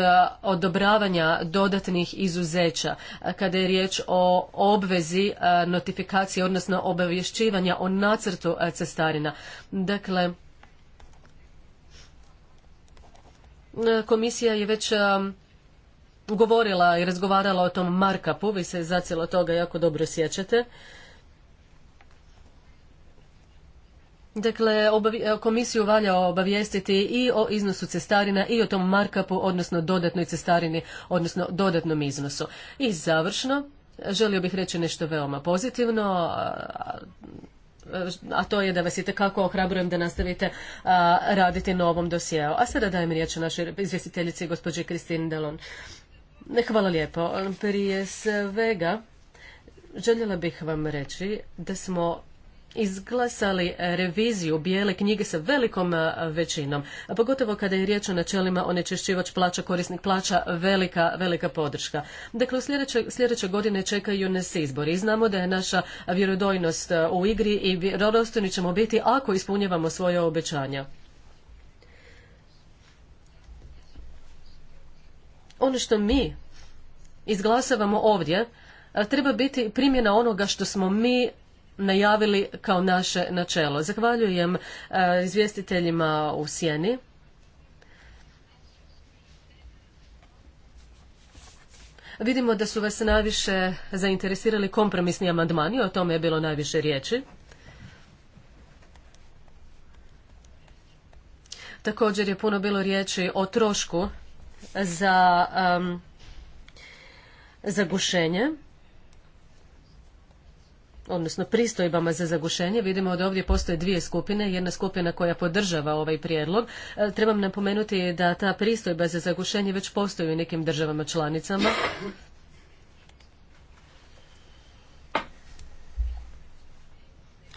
odobravanja dodatnih izuzeća kada je riječ o obvezi notifikacije odnosno obavješćivanja o nacrtu cestarina. Dakle, komisija je već govorila i razgovarala o tom markupu, vi se zacijelo toga jako dobro sjećate. Dakle, e, komisiju valja obavijestiti i o iznosu cestarina i o tom markapu, odnosno dodatnoj cestarini, odnosno dodatnom iznosu. I završno, želio bih reći nešto veoma pozitivno, a to je da vas itekako ohrabrujem da nastavite raditi na ovom dosjeu. A sada dajem riječ našoj izvjestiteljici gospođi Kristin Delon. Hvala lijepo. Prije svega željela bih vam reći da smo izglasali reviziju bijele knjige sa velikom većinom, a pogotovo kada je riječ o načelima onečišćivač plaća, korisnik plaća, velika, velika podrška. Dakle, sljedeće, sljedeće godine čekaju nas izbori znamo da je naša vjerodojnost u igri i vjerodostojni ćemo biti ako ispunjavamo svoje obećanja. ono što mi izglasavamo ovdje e, treba biti primjena onoga što smo mi najavili kao naše načelo. Zahvaljujem e, izvjestiteljima u Sjeni. Vidimo da su vas najviše zainteresirali kompromisni amandmani, o tome je bilo najviše riječi. Također je puno bilo riječi o trošku za um, zagušenje odnosno pristojbama za zagušenje. Vidimo da ovdje postoje dvije skupine. Jedna skupina koja podržava ovaj prijedlog. E, trebam napomenuti da ta pristojba za zagušenje već postoji u nekim državama članicama.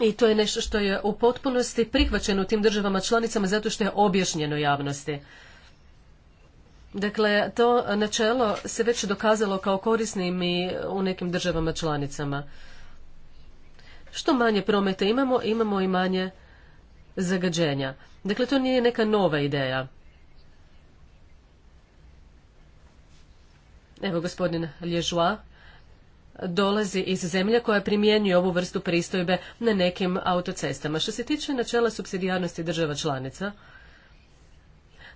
I to je nešto što je u potpunosti prihvaćeno u tim državama članicama zato što je objašnjeno javnosti. Dakle, to načelo se već dokazalo kao korisnim i u nekim državama članicama. Što manje prometa imamo, imamo i manje zagađenja. Dakle, to nije neka nova ideja. Evo, gospodin Lježua dolazi iz zemlje koja primjenjuje ovu vrstu pristojbe na nekim autocestama. Što se tiče načela subsidijarnosti država članica,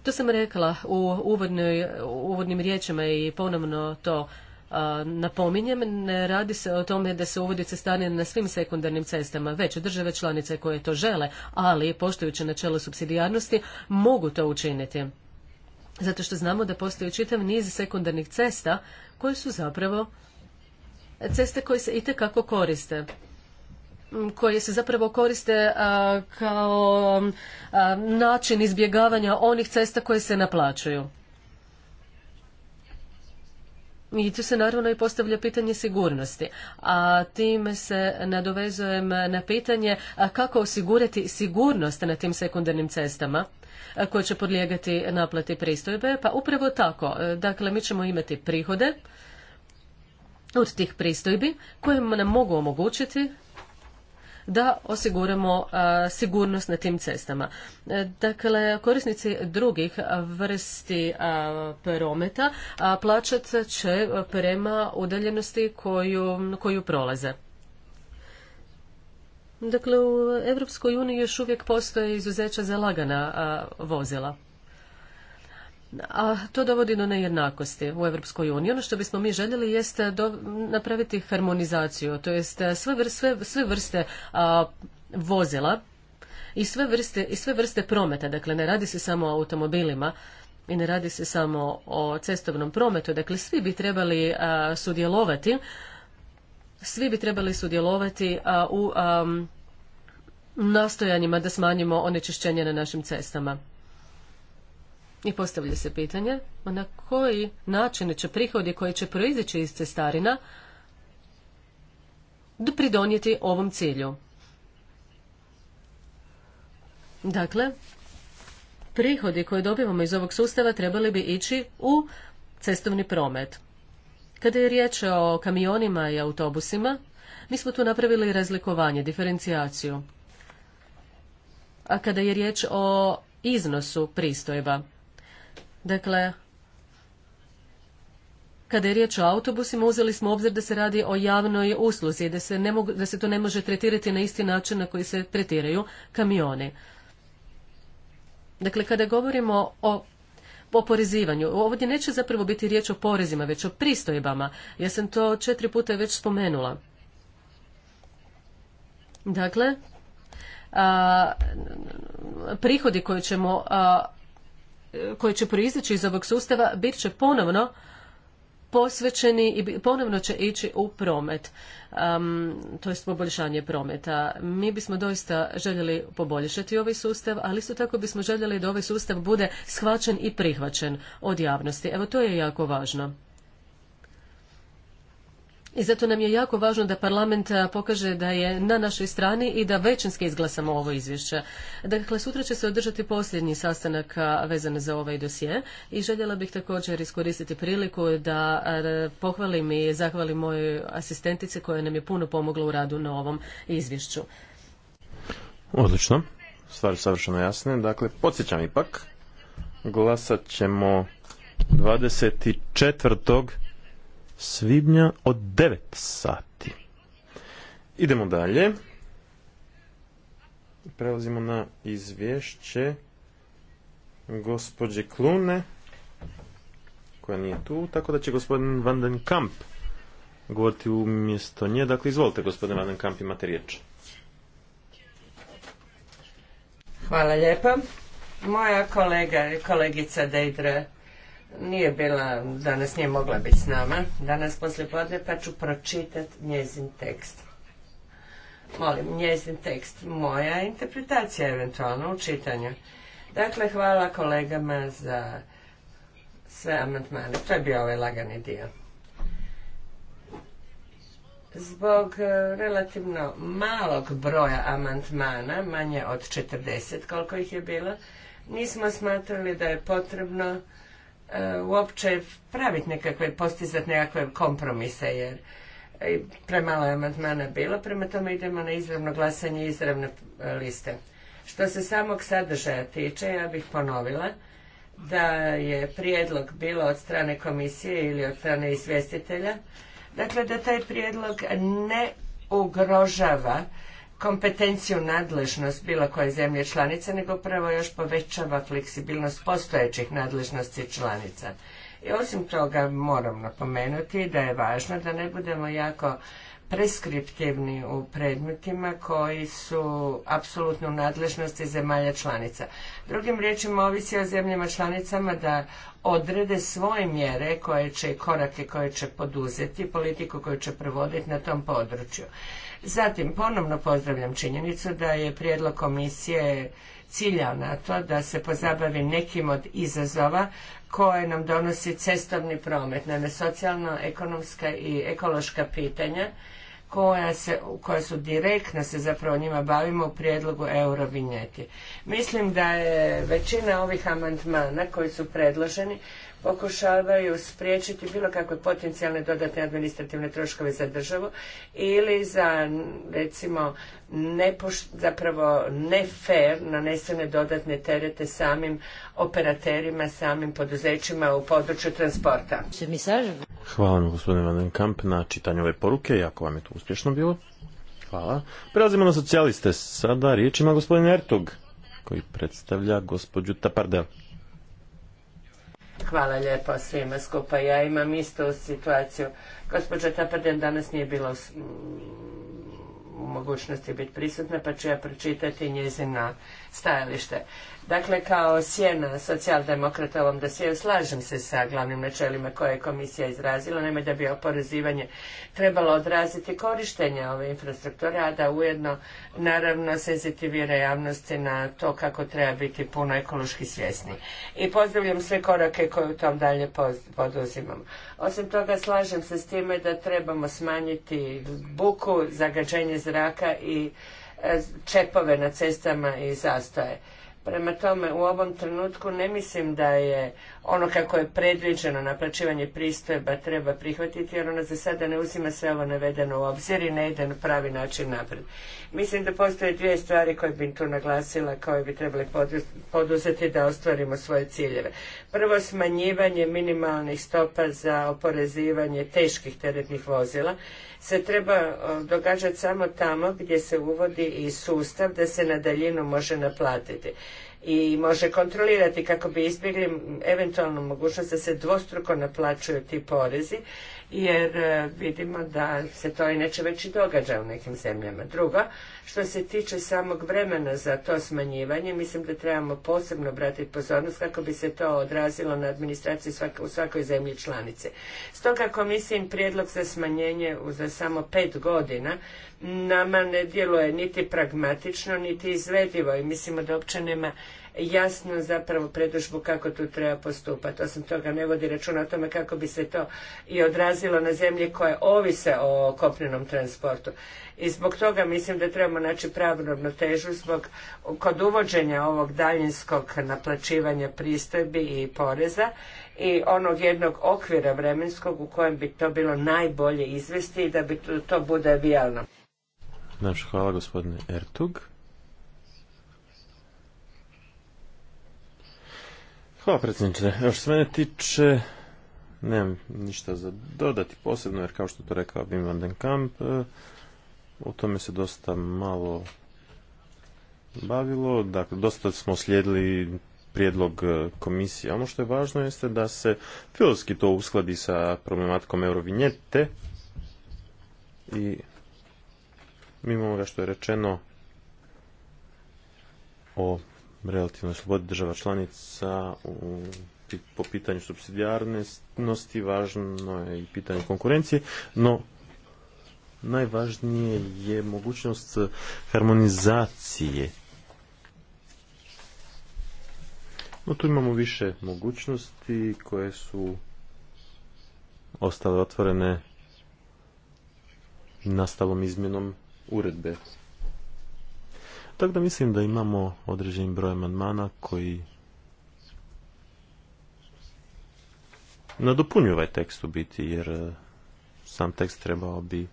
to sam rekla u uvodnoj, uvodnim riječima i ponovno to napominjem, ne radi se o tome da se uvodi cestarina na svim sekundarnim cestama, već države članice koje to žele, ali poštujući načelo subsidijarnosti mogu to učiniti. Zato što znamo da postoji čitav niz sekundarnih cesta koje su zapravo ceste koje se itekako koriste koje se zapravo koriste kao način izbjegavanja onih cesta koje se naplaćuju. I tu se naravno i postavlja pitanje sigurnosti, a time se nadovezujem na pitanje kako osigurati sigurnost na tim sekundarnim cestama koje će podlijegati naplati pristojbe. Pa upravo tako, e, dakle mi ćemo imati prihode od tih pristojbi koje nam mogu omogućiti da osiguramo e, sigurnost na tim cestama. E, dakle, korisnici drugih vrsti e, prometa plaćat će prema udaljenosti koju, koju prolaze. Dakle, u Europskoj uniji još uvijek postoje izuzeća za lagana vozila a to dovodi do nejednakosti u Europskoj uniji. Ono što bismo mi željeli jeste eh, napraviti harmonizaciju, to jest eh, sve, vrste, vozila i sve vrste, i sve vrste prometa. Dakle, ne radi se samo o automobilima i ne radi se samo o cestovnom prometu. Dakle, svi bi trebali eh, sudjelovati svi bi trebali sudjelovati u nastojanjima da smanjimo onečišćenje na našim cestama. I postavlja se pitanje na koji način će prihodi koji će proizići iz cestarina pridonijeti ovom cilju. Dakle, prihodi koje dobivamo iz ovog sustava trebali bi ići u cestovni promet. Kada je riječ o kamionima i autobusima, mi smo tu napravili razlikovanje, diferencijaciju. A kada je riječ o iznosu pristojba, Dakle, kada je riječ o autobusima, uzeli smo obzir da se radi o javnoj usluzi, da se, da se to ne može tretirati na isti način na koji se tretiraju kamioni. Dakle, kada govorimo o oporezivanju, ovdje neće zapravo biti riječ o porezima, već o pristojbama. Ja sam to četiri puta već spomenula. Dakle, prihodi koje ćemo koje će proizaći iz ovog sustava bit će ponovno posvećeni i ponovno će ići u promet, um, to jest poboljšanje prometa. Mi bismo doista željeli poboljšati ovaj sustav, ali isto tako bismo željeli da ovaj sustav bude shvaćen i prihvaćen od javnosti. Evo to je jako važno. I zato nam je jako važno da parlament pokaže da je na našoj strani i da većinski izglasamo ovo izvješće. Dakle, sutra će se održati posljednji sastanak vezan za ovaj dosje i željela bih također iskoristiti priliku da pohvalim i zahvalim mojoj asistentici koja nam je puno pomogla u radu na ovom izvješću. Odlično. Stvari savršeno jasne. Dakle, podsjećam ipak, glasat ćemo 24 svibnja od 9 sati. Idemo dalje. Prelazimo na izvješće gospođe Klune koja nije tu, tako da će gospodin den Kamp govoriti umjesto nje. Dakle, izvolite gospodin Vanden Kamp, imate riječ. Hvala lijepa. Moja kolega, kolegica Deidre nije bila, danas nije mogla biti s nama, danas poslije podne, pa ću pročitati njezin tekst. Molim, njezin tekst, moja interpretacija eventualno u čitanju. Dakle, hvala kolegama za sve amantmane. To je bio ovaj lagani dio. Zbog e, relativno malog broja amantmana, manje od 40 koliko ih je bilo, nismo smatrali da je potrebno E, uopće praviti nekakve, postizati nekakve kompromise, jer e, premalo je amandmana bilo, prema tome idemo na izravno glasanje i izravne e, liste. Što se samog sadržaja tiče, ja bih ponovila da je prijedlog bilo od strane komisije ili od strane izvjestitelja, dakle da taj prijedlog ne ugrožava kompetenciju nadležnost bilo koje zemlje članice, nego prvo još povećava fleksibilnost postojećih nadležnosti članica. I osim toga moram napomenuti da je važno da ne budemo jako preskriptivni u predmetima koji su apsolutno u nadležnosti zemalja članica. Drugim riječima ovisi o zemljama članicama da odrede svoje mjere koje će i korake koje će poduzeti, politiku koju će provoditi na tom području. Zatim, ponovno pozdravljam činjenicu da je prijedlog komisije ciljao na to da se pozabavi nekim od izazova koje nam donosi cestovni promet, naime socijalno-ekonomska i ekološka pitanja koja, se, koja su direktno se zapravo njima bavimo u prijedlogu eurovinjeti. Mislim da je većina ovih amandmana koji su predloženi pokušavaju spriječiti bilo kakve potencijalne dodatne administrativne troškove za državu ili za recimo zapravo zapravo nefer nanesene dodatne terete samim operaterima, samim poduzećima u području transporta. Hvala vam gospodine Van Kamp na čitanju ove poruke, jako vam je to uspješno bilo. Hvala. Prelazimo na socijaliste. Sada riječ ima gospodin Ertug koji predstavlja gospođu Tapardel. Hvala lijepo svima skupa. Ja imam istu situaciju. Gospođa Taparden danas nije bila u mogućnosti biti prisutna, pa ću ja pročitati njezina stajalište. Dakle, kao sjena da dosjeu slažem se sa glavnim načelima koje je komisija izrazila, nema da bi oporezivanje trebalo odraziti korištenje ove infrastrukture, a da ujedno naravno senzitivira javnosti na to kako treba biti puno ekološki svjesni. I pozdravljam sve korake koje u tom dalje poduzimam. Osim toga, slažem se s time da trebamo smanjiti buku, zagađenje zraka i E, čepove na cestama i zastoje. Prema tome, u ovom trenutku ne mislim da je ono kako je predviđeno naplaćivanje pristojba treba prihvatiti jer ona za sada ne uzima sve ovo navedeno u obzir i ne ide na pravi način naprijed. Mislim da postoje dvije stvari koje bi tu naglasila koje bi trebali poduzeti da ostvarimo svoje ciljeve. Prvo, smanjivanje minimalnih stopa za oporezivanje teških teretnih vozila se treba e, događati samo tamo gdje se uvodi i sustav da se na daljinu može naplatiti i može kontrolirati kako bi izbjegli eventualnu mogućnost da se dvostruko naplaćuju ti porezi jer e, vidimo da se to inače već i događa u nekim zemljama. Drugo, što se tiče samog vremena za to smanjivanje, mislim da trebamo posebno obratiti pozornost kako bi se to odrazilo na administraciju u svakoj zemlji članice. Stoga komisijin prijedlog za smanjenje za samo pet godina nama ne djeluje niti pragmatično, niti izvedivo i mislimo da uopće nema jasno zapravo predužbu kako tu treba postupati. Osim toga ne vodi računa o tome kako bi se to i odrazilo na zemlje koje ovise o kopnenom transportu. I zbog toga mislim da trebamo naći pravu ravnotežu zbog kod uvođenja ovog daljinskog naplaćivanja pristojbi i poreza i onog jednog okvira vremenskog u kojem bi to bilo najbolje izvesti i da bi to, bude vijalno. gospodine Ertug. Hvala predsjedniče. Što se mene tiče, nemam ništa za dodati posebno, jer kao što to rekao Bim van den Kamp, e, o tome se dosta malo bavilo. Dakle, dosta smo slijedili prijedlog e, komisije. Ono što je važno jeste da se filozofski to uskladi sa problematikom eurovinjete i mimo onoga što je rečeno o relativno slobodi država članica u, po pitanju subsidijarnosti, važno je i pitanje konkurencije, no najvažnije je mogućnost harmonizacije. No tu imamo više mogućnosti koje su ostale otvorene nastalom izmjenom uredbe tako da mislim da imamo određen broj amandmana koji nadopunjuje ovaj tekst u biti, jer e, sam tekst trebao bi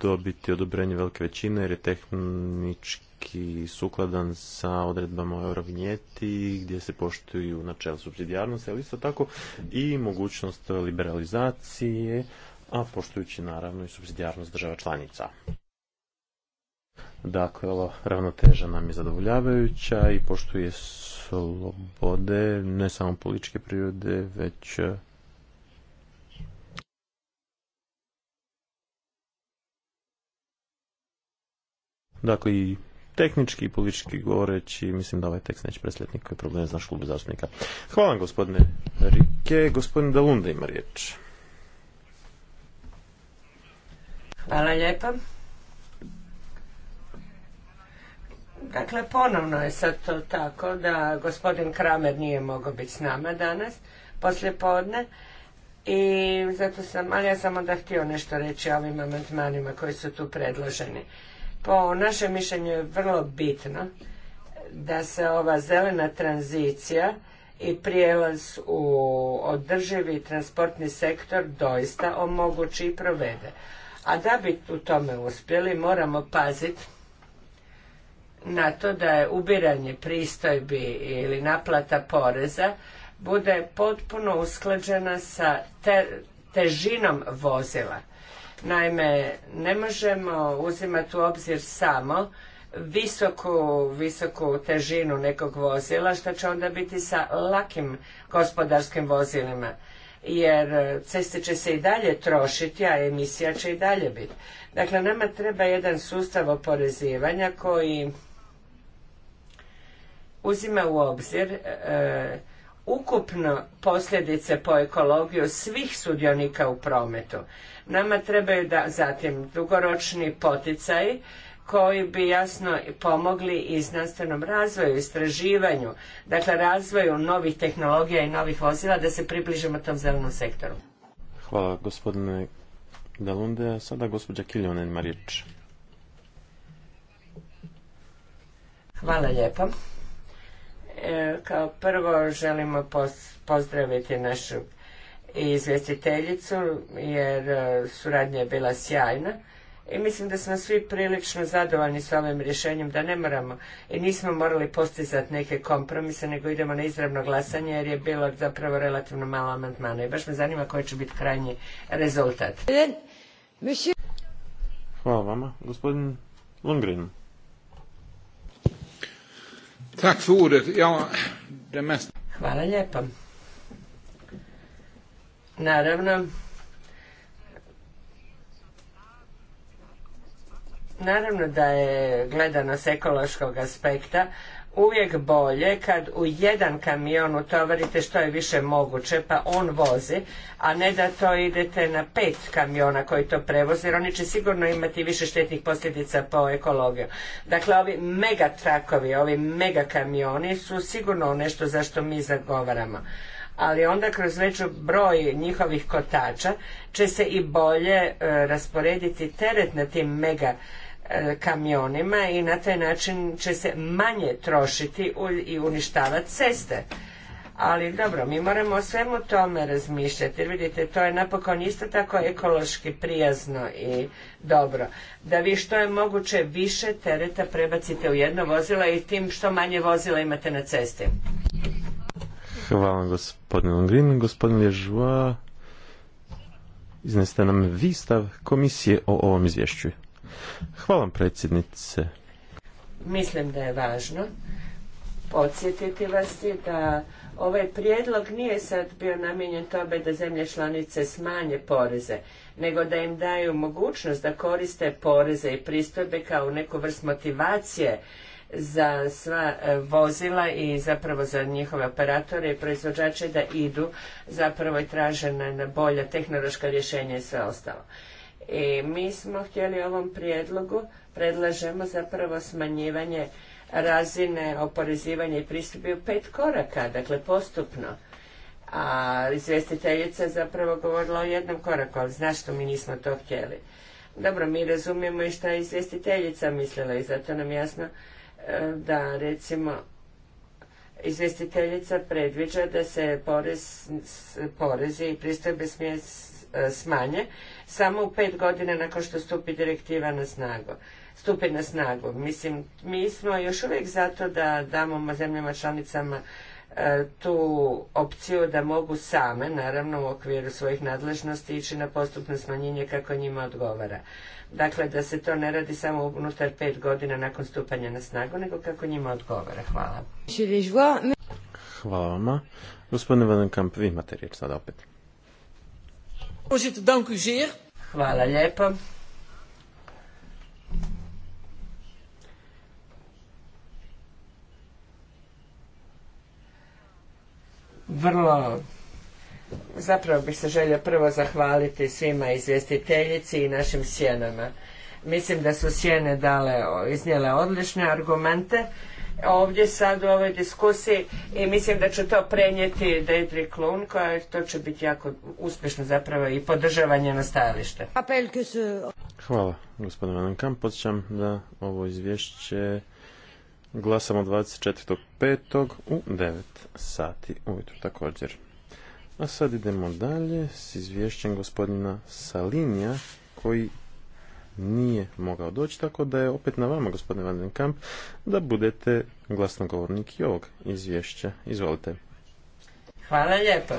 dobiti odobrenje velike većine jer je tehnički sukladan sa odredbama o eurovinjeti gdje se poštuju načela subsidijarnosti, ali isto tako i mogućnost liberalizacije, a poštujući naravno i subsidijarnost država članica. Dakle, ova ravnoteža nam je zadovoljavajuća i poštuje slobode, ne samo političke prirode, već e, Dakle, i tehnički i politički govoreći, mislim da ovaj tekst neće presljeti nikakve probleme za naš klub zastupnika. Hvala vam, gospodine Rike. gospodine Dalunda ima riječ. Hvala lijepa. Dakle, ponovno je sad to tako da gospodin Kramer nije mogao biti s nama danas, poslje podne, i zato sam, ali ja sam onda htio nešto reći o ovim amandmanima koji su tu predloženi. Po našem mišljenju je vrlo bitno da se ova zelena tranzicija i prijelaz u održivi transportni sektor doista omogući i provede. A da bi u tome uspjeli moramo paziti na to da je ubiranje pristojbi ili naplata poreza bude potpuno usklađena sa težinom vozila. Naime, ne možemo uzimati u obzir samo visoku, visoku težinu nekog vozila, što će onda biti sa lakim gospodarskim vozilima jer ceste će se i dalje trošiti, a emisija će i dalje biti. Dakle, nama treba jedan sustav oporezivanja koji uzima u obzir e, ukupno posljedice po ekologiju svih sudionika u prometu. Nama trebaju da zatim dugoročni poticaj koji bi jasno pomogli i znanstvenom razvoju, istraživanju, dakle razvoju novih tehnologija i novih vozila da se približimo tom zelenom sektoru. Hvala gospodine Dalunde. Sada gospođa Marić. Hvala lijepo. Kao prvo želimo pozdraviti našu izvjestiteljicu jer e, suradnja je bila sjajna i mislim da smo svi prilično zadovoljni s ovim rješenjem da ne moramo i nismo morali postizati neke kompromise nego idemo na izravno glasanje jer je bilo zapravo relativno malo amandmana i baš me zanima koji će biti krajnji rezultat. Hvala vama. Gospodin Lundgren. Hvala lijepo. Naravno, naravno da je gledano s ekološkog aspekta uvijek bolje kad u jedan kamion utovarite što je više moguće pa on vozi, a ne da to idete na pet kamiona koji to prevoze jer oni će sigurno imati više štetnih posljedica po ekologiju. Dakle, ovi mega trakovi, ovi mega kamioni su sigurno nešto za što mi zagovaramo. Ali onda kroz veći broj njihovih kotača će se i bolje e, rasporediti teret na tim mega E, kamionima i na taj način će se manje trošiti i uništavati ceste. Ali dobro, mi moramo o svemu tome razmišljati. Jer vidite, to je napokon isto tako ekološki prijazno i dobro. Da vi što je moguće više tereta prebacite u jedno vozilo i tim što manje vozila imate na cesti. Hvala gospodinu Longrin. Gospodin Ležua. iznesite nam vi stav komisije o ovom izvješću. Hvala predsjednice. Mislim da je važno podsjetiti vas da ovaj prijedlog nije sad bio namijenjen tome da zemlje članice smanje poreze, nego da im daju mogućnost da koriste poreze i pristojbe kao neku vrst motivacije za sva e, vozila i zapravo za njihove operatore i proizvođače da idu zapravo i traže na bolja tehnološka rješenja i sve ostalo. I mi smo htjeli ovom prijedlogu, predlažemo zapravo smanjivanje razine oporezivanja i pristupi u pet koraka, dakle postupno. A izvjestiteljica zapravo govorila o jednom koraku, ali znaš što mi nismo to htjeli. Dobro, mi razumijemo i šta je izvjestiteljica mislila i zato nam jasno e, da recimo izvjestiteljica predviđa da se porez, porezi i pristojbe smije E, smanje samo u pet godina nakon što stupi direktiva na snagu. Stupi na snagu. Mislim, mi smo još uvijek zato da damo zemljama članicama e, tu opciju da mogu same, naravno u okviru svojih nadležnosti, ići na postupno smanjenje kako njima odgovara. Dakle, da se to ne radi samo unutar pet godina nakon stupanja na snagu, nego kako njima odgovara. Hvala. Hvala Gospodine vi imate riječ sada opet. Hvala ljepo. Vrlo Zapravo bih se želio prvo zahvaliti svima izvjestiteljici i našim sjenama. Mislim da su sjene dale, iznijele odlične argumente ovdje sad u ovoj diskusiji i mislim da će to prenijeti Deidre Klun koja to će biti jako uspješno zapravo i podržavanje na stajalište. Hvala gospodine Van Kamp. da ovo izvješće glasamo 24.5. u 9 sati ujutro također. A sad idemo dalje s izvješćem gospodina Salinja koji nije mogao doći, tako da je opet na vama, gospodine Van den Kamp, da budete glasnogovornik i ovog izvješća. Izvolite. Hvala lijepo,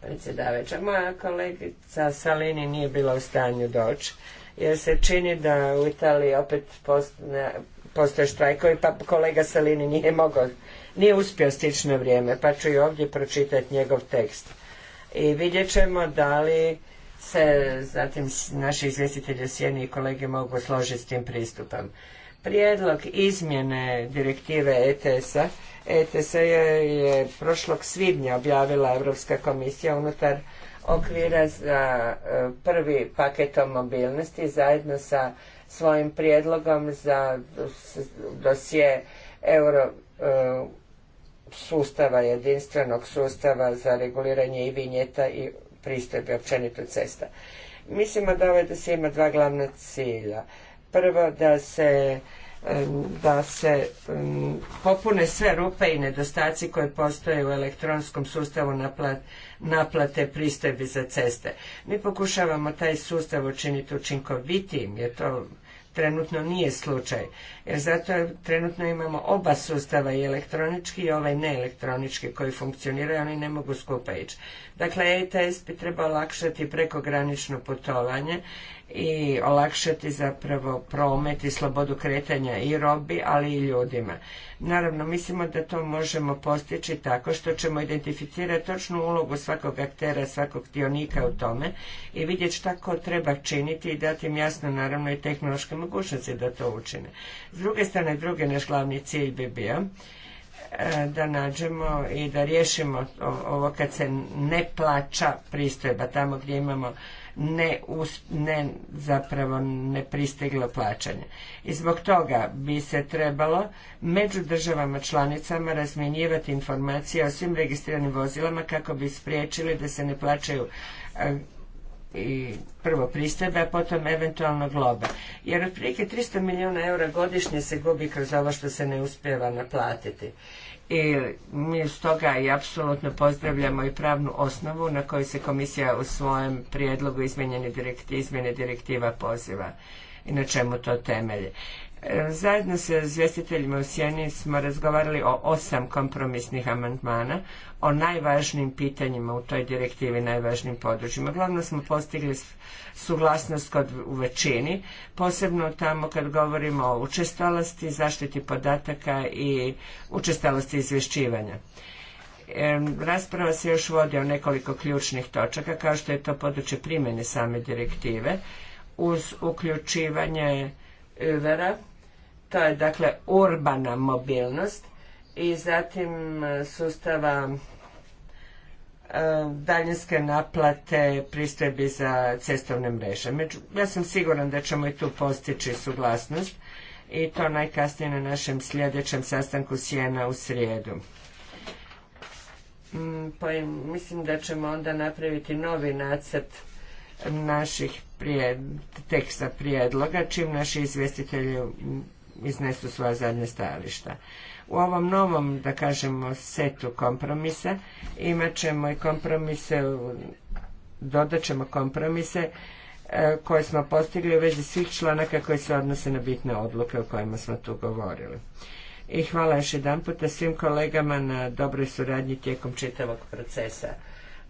predsjedavajuća. Moja kolegica Salini nije bila u stanju doći, jer se čini da u Italiji opet postane, postoje štrajkovi, pa kolega Salini nije mogao, nije uspio stići na vrijeme, pa ću i ovdje pročitati njegov tekst. I vidjet ćemo da li se zatim naši izvjestitelji Sjeni i kolege mogu složiti s tim pristupom. Prijedlog izmjene direktive ETS-a ETS je, je prošlog svibnja objavila Europska komisija unutar okvira za e, prvi paket o mobilnosti zajedno sa svojim prijedlogom za dosje euro e, sustava, jedinstvenog sustava za reguliranje i vinjeta i pristojbe, općenito cesta. Mislimo da ovaj se ima dva glavna cilja. Prvo da se da se popune sve rupe i nedostaci koje postoje u elektronskom sustavu naplate pristojbi za ceste. Mi pokušavamo taj sustav učiniti učinkovitijim, jer to trenutno nije slučaj jer zato trenutno imamo oba sustava i elektronički i ovaj neelektronički koji funkcioniraju, oni ne mogu skupa ići. Dakle, ETS bi trebao olakšati prekogranično putovanje i olakšati zapravo promet i slobodu kretanja i robi, ali i ljudima. Naravno, mislimo da to možemo postići tako što ćemo identificirati točnu ulogu svakog aktera, svakog dionika u tome i vidjeti šta ko treba činiti i dati im jasno, naravno, i tehnološke mogućnosti da to učine druge strane, drugi naš glavni cilj bi bio e, da nađemo i da riješimo ovo kad se ne plaća pristojba tamo gdje imamo ne, ne zapravo ne pristiglo plaćanje. I zbog toga bi se trebalo među državama članicama razmjenjivati informacije o svim registriranim vozilama kako bi spriječili da se ne plaćaju e, i prvo pristojbe, a potom eventualno globe. Jer otprilike 300 milijuna eura godišnje se gubi kroz ovo što se ne uspjeva naplatiti. I mi stoga i apsolutno pozdravljamo i pravnu osnovu na koju se komisija u svojem prijedlogu izmjene direktiva poziva i na čemu to temelje. Zajedno sa izvjestiteljima u Sjeni smo razgovarali o osam kompromisnih amandmana, o najvažnijim pitanjima u toj direktivi, najvažnijim područjima. Glavno smo postigli suglasnost kod, u većini, posebno tamo kad govorimo o učestalosti, zaštiti podataka i učestalosti izvješćivanja. rasprava se još vodi o nekoliko ključnih točaka, kao što je to područje primjene same direktive, uz uključivanje Uvera, to je dakle urbana mobilnost i zatim e, sustava e, daljinske naplate pristojbi za cestovne mreže. ja sam siguran da ćemo i tu postići suglasnost i to najkasnije na našem sljedećem sastanku Sjena u srijedu. Mm, pa mislim da ćemo onda napraviti novi nacrt naših teksta prijedloga, čim naši izvjestitelji iznesu svoja zadnja stajališta. U ovom novom, da kažemo, setu kompromisa imat ćemo i kompromise, dodat ćemo kompromise e, koje smo postigli u vezi svih članaka koji se odnose na bitne odluke o kojima smo tu govorili. I hvala još jedan puta svim kolegama na dobroj suradnji tijekom čitavog procesa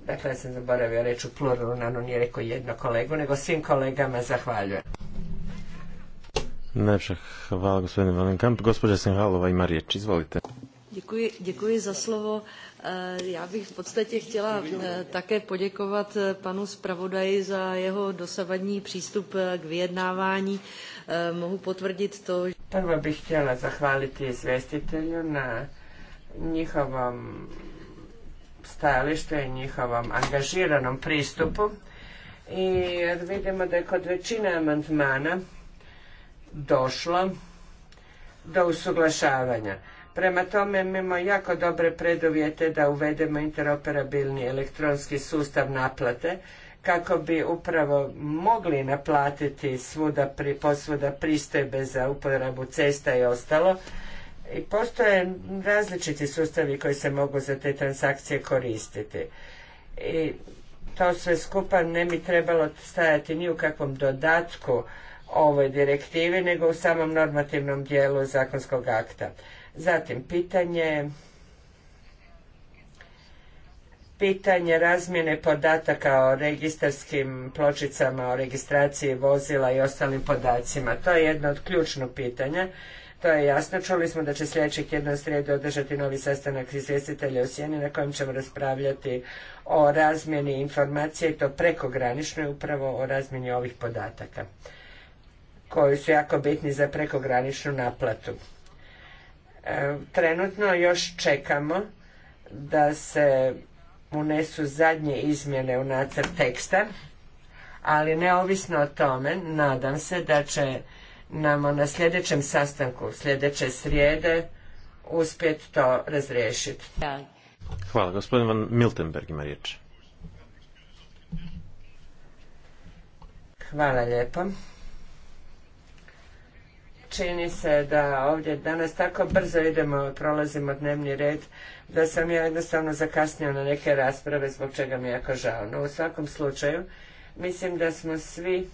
Dakle, ja sam zaboravio reći u pluralu, naravno nije rekao jedno kolegu, nego svim kolegama zahvaljujem. Najlepša hvala gospodine Valenkamp. Gospođa Senhalova ima riječ, izvolite. Děkuji, za slovo. E, já bych v podstatě chtěla e, také poděkovat e, panu zpravodaji za jeho dosavadní přístup k vyjednávání. Mohu potvrdit to, že... Prvo bih htjela zahvaliti izvjestitelju na njihovom stajalištu i njihovom angažiranom pristupu i vidimo da je kod većine amandmana došlo do usuglašavanja. Prema tome imamo jako dobre preduvjete da uvedemo interoperabilni elektronski sustav naplate kako bi upravo mogli naplatiti svuda, posvuda pristojbe za uporabu cesta i ostalo i postoje različiti sustavi koji se mogu za te transakcije koristiti. I to sve skupa ne bi trebalo stajati ni u kakvom dodatku ovoj direktivi, nego u samom normativnom dijelu zakonskog akta. Zatim, pitanje pitanje razmjene podataka o registarskim pločicama, o registraciji vozila i ostalim podacima. To je jedno od ključnog pitanja to je jasno. Čuli smo da će sljedećeg tjedna srijedu održati novi sastanak izvjestitelja u Sjeni na kojem ćemo raspravljati o razmjeni informacije i to prekogranično upravo o razmjeni ovih podataka koji su jako bitni za prekograničnu naplatu. E, trenutno još čekamo da se unesu zadnje izmjene u nacrt teksta, ali neovisno o tome, nadam se da će namo na sljedećem sastanku sljedeće srijede uspjeti to razriješiti. Hvala. Gospodin Van Miltenberg ima riječ. Hvala lijepo. Čini se da ovdje danas tako brzo idemo, prolazimo dnevni red, da sam ja jednostavno zakasnio na neke rasprave, zbog čega mi je jako žao. No, u svakom slučaju, mislim da smo svi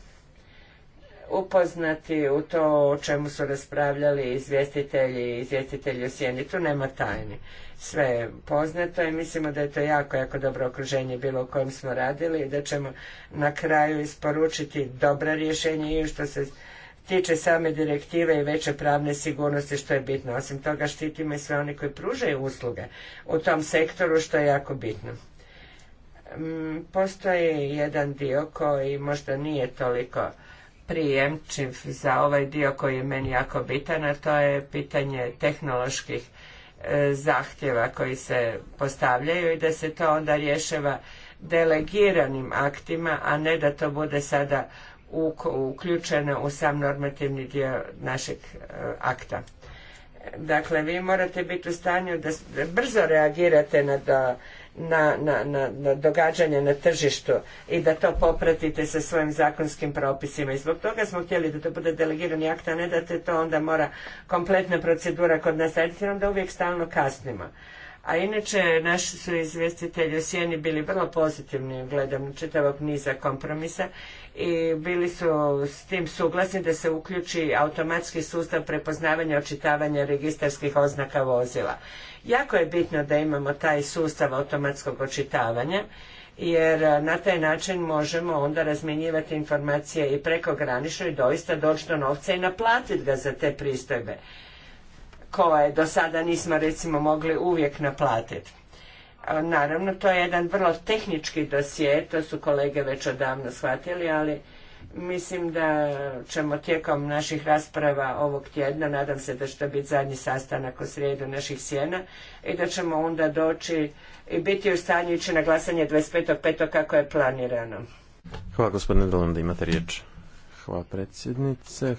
upoznati u to o čemu su raspravljali izvjestitelji i izvjestitelji u sjeni. Tu nema tajni. Sve je poznato i mislimo da je to jako, jako dobro okruženje bilo u kojem smo radili i da ćemo na kraju isporučiti dobra rješenja i što se tiče same direktive i veće pravne sigurnosti što je bitno. Osim toga štitimo i sve oni koji pružaju usluge u tom sektoru što je jako bitno. Mm, postoji jedan dio koji možda nije toliko prijemčiv za ovaj dio koji je meni jako bitan, a to je pitanje tehnoloških e, zahtjeva koji se postavljaju i da se to onda rješava delegiranim aktima, a ne da to bude sada uključeno u sam normativni dio našeg e, akta. Dakle, vi morate biti u stanju da brzo reagirate na da na, na, na, događanja na tržištu i da to popratite sa svojim zakonskim propisima. I zbog toga smo htjeli da to bude delegirani akt, a ne da te to onda mora kompletna procedura kod nas raditi, onda uvijek stalno kasnimo. A inače, naši su izvjestitelji u Sjeni bili vrlo pozitivni, gledam čitavog niza kompromisa i bili su s tim suglasni da se uključi automatski sustav prepoznavanja očitavanja registarskih oznaka vozila. Jako je bitno da imamo taj sustav automatskog očitavanja jer e, na taj način možemo onda razmjenjivati informacije i prekogranično i doista doći do novca i naplatiti ga za te pristojbe koje do sada nismo recimo mogli uvijek naplatiti. E, naravno, to je jedan vrlo tehnički dosje, to su kolege već odavno shvatili, ali Mislim da ćemo tijekom naših rasprava ovog tjedna, nadam se da će to biti zadnji sastanak u srijedu naših sjena i da ćemo onda doći i biti u stanju ići na glasanje 25.5. kako je planirano. Hvala gospodine Dolan da imate riječ. Hvala predsjednice,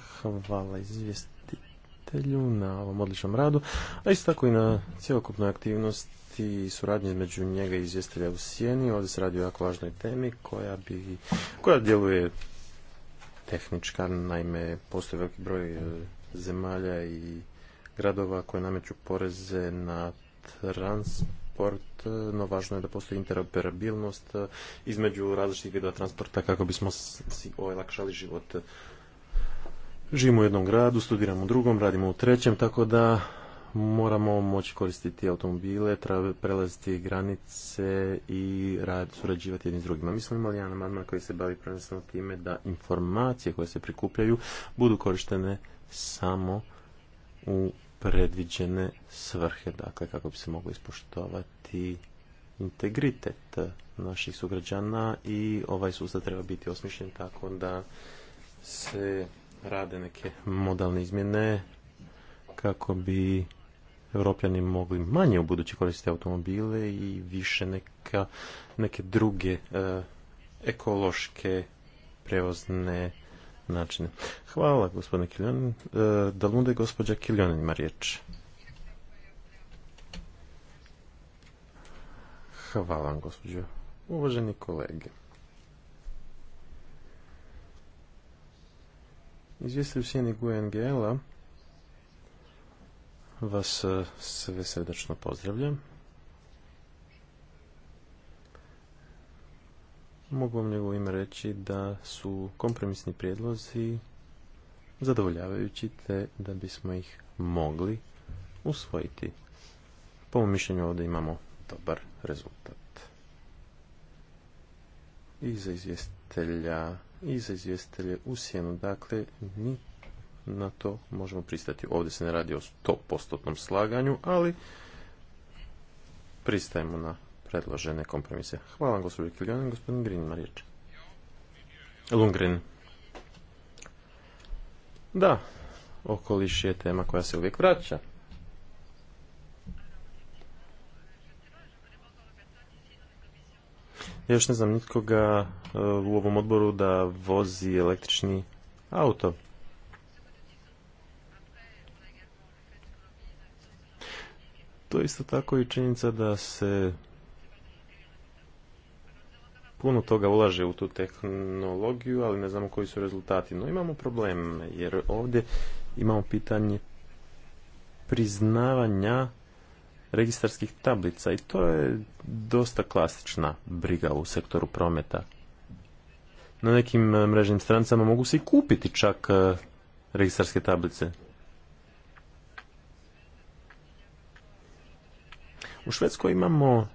hvala izvjestitelju na ovom odličnom radu, a isto tako i na cijelokupnoj aktivnosti i suradnji između njega i izvjestitelja u Sjeni. Ovdje se radi o jako važnoj temi koja, bi, koja djeluje tehnička, naime postoji veliki broj e, zemalja i gradova koje nameću poreze na transport, e, no važno je da postoji interoperabilnost e, između različitih vidova transporta kako bismo si olakšali život. Živimo u jednom gradu, studiramo u drugom, radimo u trećem, tako da moramo moći koristiti automobile, treba prelaziti granice i rad, surađivati jedni s drugima. Mi smo imali jedan amandman koji se bavi prvenstveno time da informacije koje se prikupljaju budu korištene samo u predviđene svrhe, dakle kako bi se moglo ispoštovati integritet naših sugrađana i ovaj sustav treba biti osmišljen tako da se rade neke modalne izmjene kako bi europljani mogli manje u budući koristiti automobile i više neka, neke druge e, ekološke prevozne načine. Hvala gospodine Kiljonin. E, da lunde gospođa Kiljonin ima riječ. Hvala vam gospođo. Uvaženi kolege. u Sjeni Gujengela vas e, sve srdačno pozdravljam. Mogu vam njegovo ime reći da su kompromisni prijedlozi zadovoljavajući te da bismo ih mogli usvojiti. Po mom mišljenju ovdje imamo dobar rezultat. I za izvjestelja i za izvjestitelje u sjenu. Dakle, mi na to možemo pristati. Ovdje se ne radi o stopostotnom slaganju, ali pristajemo na predložene kompromise. Hvala vam, gospodin Kiljonen. Gospodin Green ima riječ. Da, okoliš je tema koja se uvijek vraća. Ja još ne znam nitkoga e, u ovom odboru da vozi električni auto. To isto tako i činjenica da se puno toga ulaže u tu tehnologiju, ali ne znamo koji su rezultati. No imamo problem, jer ovdje imamo pitanje priznavanja registarskih tablica i to je dosta klasična briga u sektoru prometa. Na nekim e, mrežnim strancama mogu se i kupiti čak e, registarske tablice. U Švedskoj imamo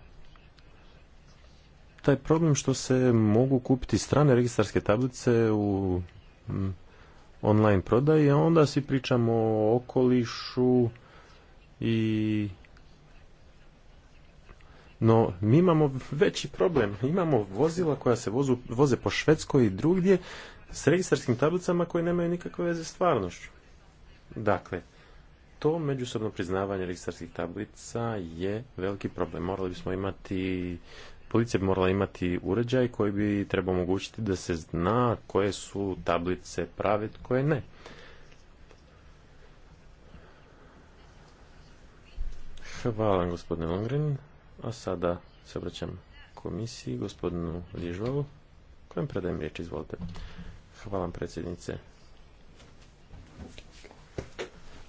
taj problem što se mogu kupiti strane registarske tablice u online prodaji, a onda svi pričamo o okolišu i... No, mi imamo veći problem. Imamo vozila koja se vozu, voze po Švedskoj i drugdje s registarskim tablicama koje nemaju nikakve veze s stvarnošću. Dakle, to međusobno priznavanje registarskih tablica je veliki problem. Morali bismo imati policija bi morala imati uređaj koji bi trebao omogućiti da se zna koje su tablice prave, koje ne. Hvala gospodine Longren. A sada se obraćam komisiji, gospodinu Ližvalu, kojem predajem riječ, izvolite. Hvala vam predsjednice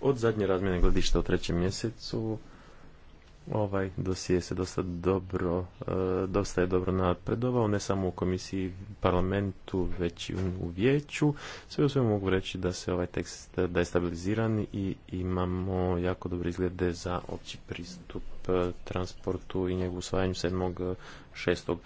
od zadnje razmjene gledišta u trećem mjesecu ovaj dosije se dosta dobro, e, dosta je dobro napredovao, ne samo u komisiji parlamentu, već i u vijeću. Sve u svemu mogu reći da se ovaj tekst da je stabiliziran i imamo jako dobre izglede za opći pristup e, transportu i njegovu usvajanju 7.6.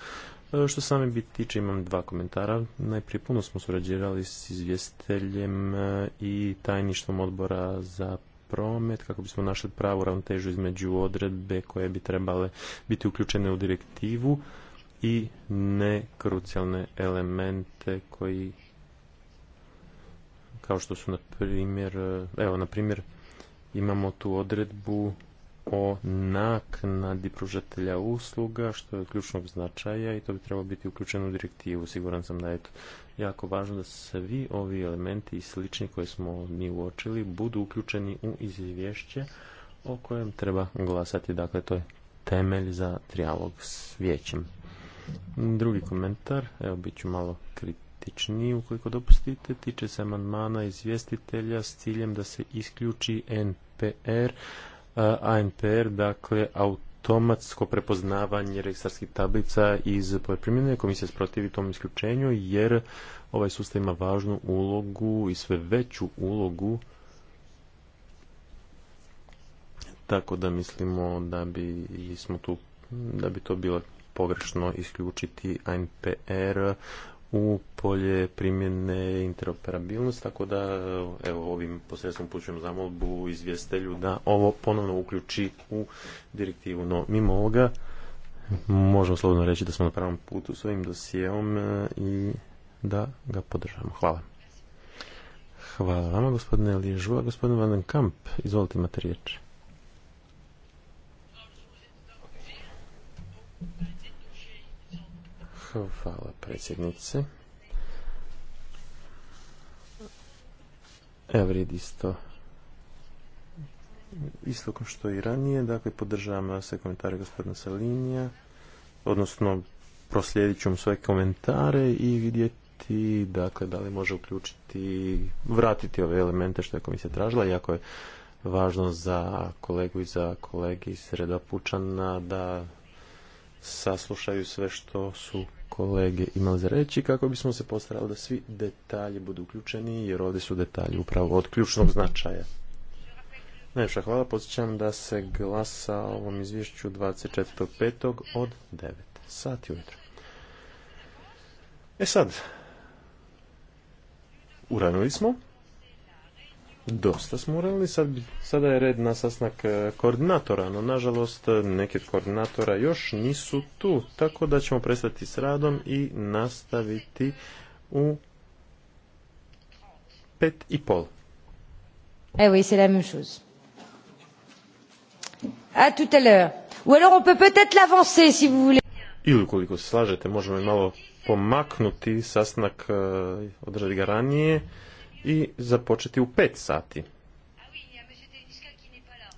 E, što sami biti tiče, imam dva komentara. Najprije puno smo surađivali s izvjestiteljem e, i tajništvom odbora za promet, kako bismo našli pravu ravnotežu između odredbe koje bi trebale biti uključene u direktivu i nekrucijalne elemente koji kao što su na primjer, e, evo na primjer imamo tu odredbu o naknadi pružatelja usluga, što je od ključnog značaja i to bi trebalo biti uključeno u direktivu. Siguran sam da je to jako važno da svi ovi elementi i slični koje smo mi uočili budu uključeni u izvješće o kojem treba glasati. Dakle, to je temelj za trijalog s vijećem. Drugi komentar, evo bit ću malo kritičniji ukoliko dopustite, tiče se amandmana izvjestitelja s ciljem da se isključi NPR ANPR, dakle automatsko prepoznavanje registarskih tablica iz poljoprivredne komisije, sprotivi tom isključenju jer ovaj sustav ima važnu ulogu i sve veću ulogu tako da mislimo da bi smo tu da bi to bilo pogrešno isključiti ANPR u polje primjene interoperabilnost, tako da evo ovim posredstvom pućujem zamolbu izvjestelju da ovo ponovno uključi u direktivu. No, mimo ovoga, možemo slobodno reći da smo na pravom putu s ovim dosijevom e, i da ga podržamo. Hvala. Hvala vama, gospodine Ližu. a gospodin Van Kamp, izvolite imate riječ. Hvala predsjednice. Evrid isto isto kao što i ranije, dakle podržavam sve komentare gospodina Salinija, odnosno proslijedit ću vam svoje komentare i vidjeti dakle da li može uključiti, vratiti ove elemente što je komisija tražila, iako je važno za kolegu i za kolegi iz reda Pučana da saslušaju sve što su kolege imali za reći kako bismo se postarali da svi detalji budu uključeni jer ovdje su detalji upravo od ključnog značaja. Najviše hvala, podsjećam da se glasa o ovom izvješću 24.5. od 9 sati ujutro. E sad, uranili smo. Dosta smo uradili, sad, sada je red na sasnak e, koordinatora, no nažalost neki koordinatora još nisu tu, tako da ćemo prestati s radom i nastaviti u pet i pol. Evo i c'est la même chose. A tout à l'heure. Ou alors on peut peut-être l'avancer si vous voulez. Ili ukoliko se slažete možemo i malo pomaknuti sasnak, e, održati ga ranije i započeti u 5 sati.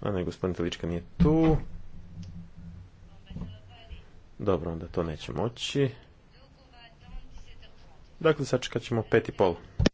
A ne, gospodin Telička nije tu. Dobro, onda to neće moći. Dakle, sačekat ćemo pet i pol.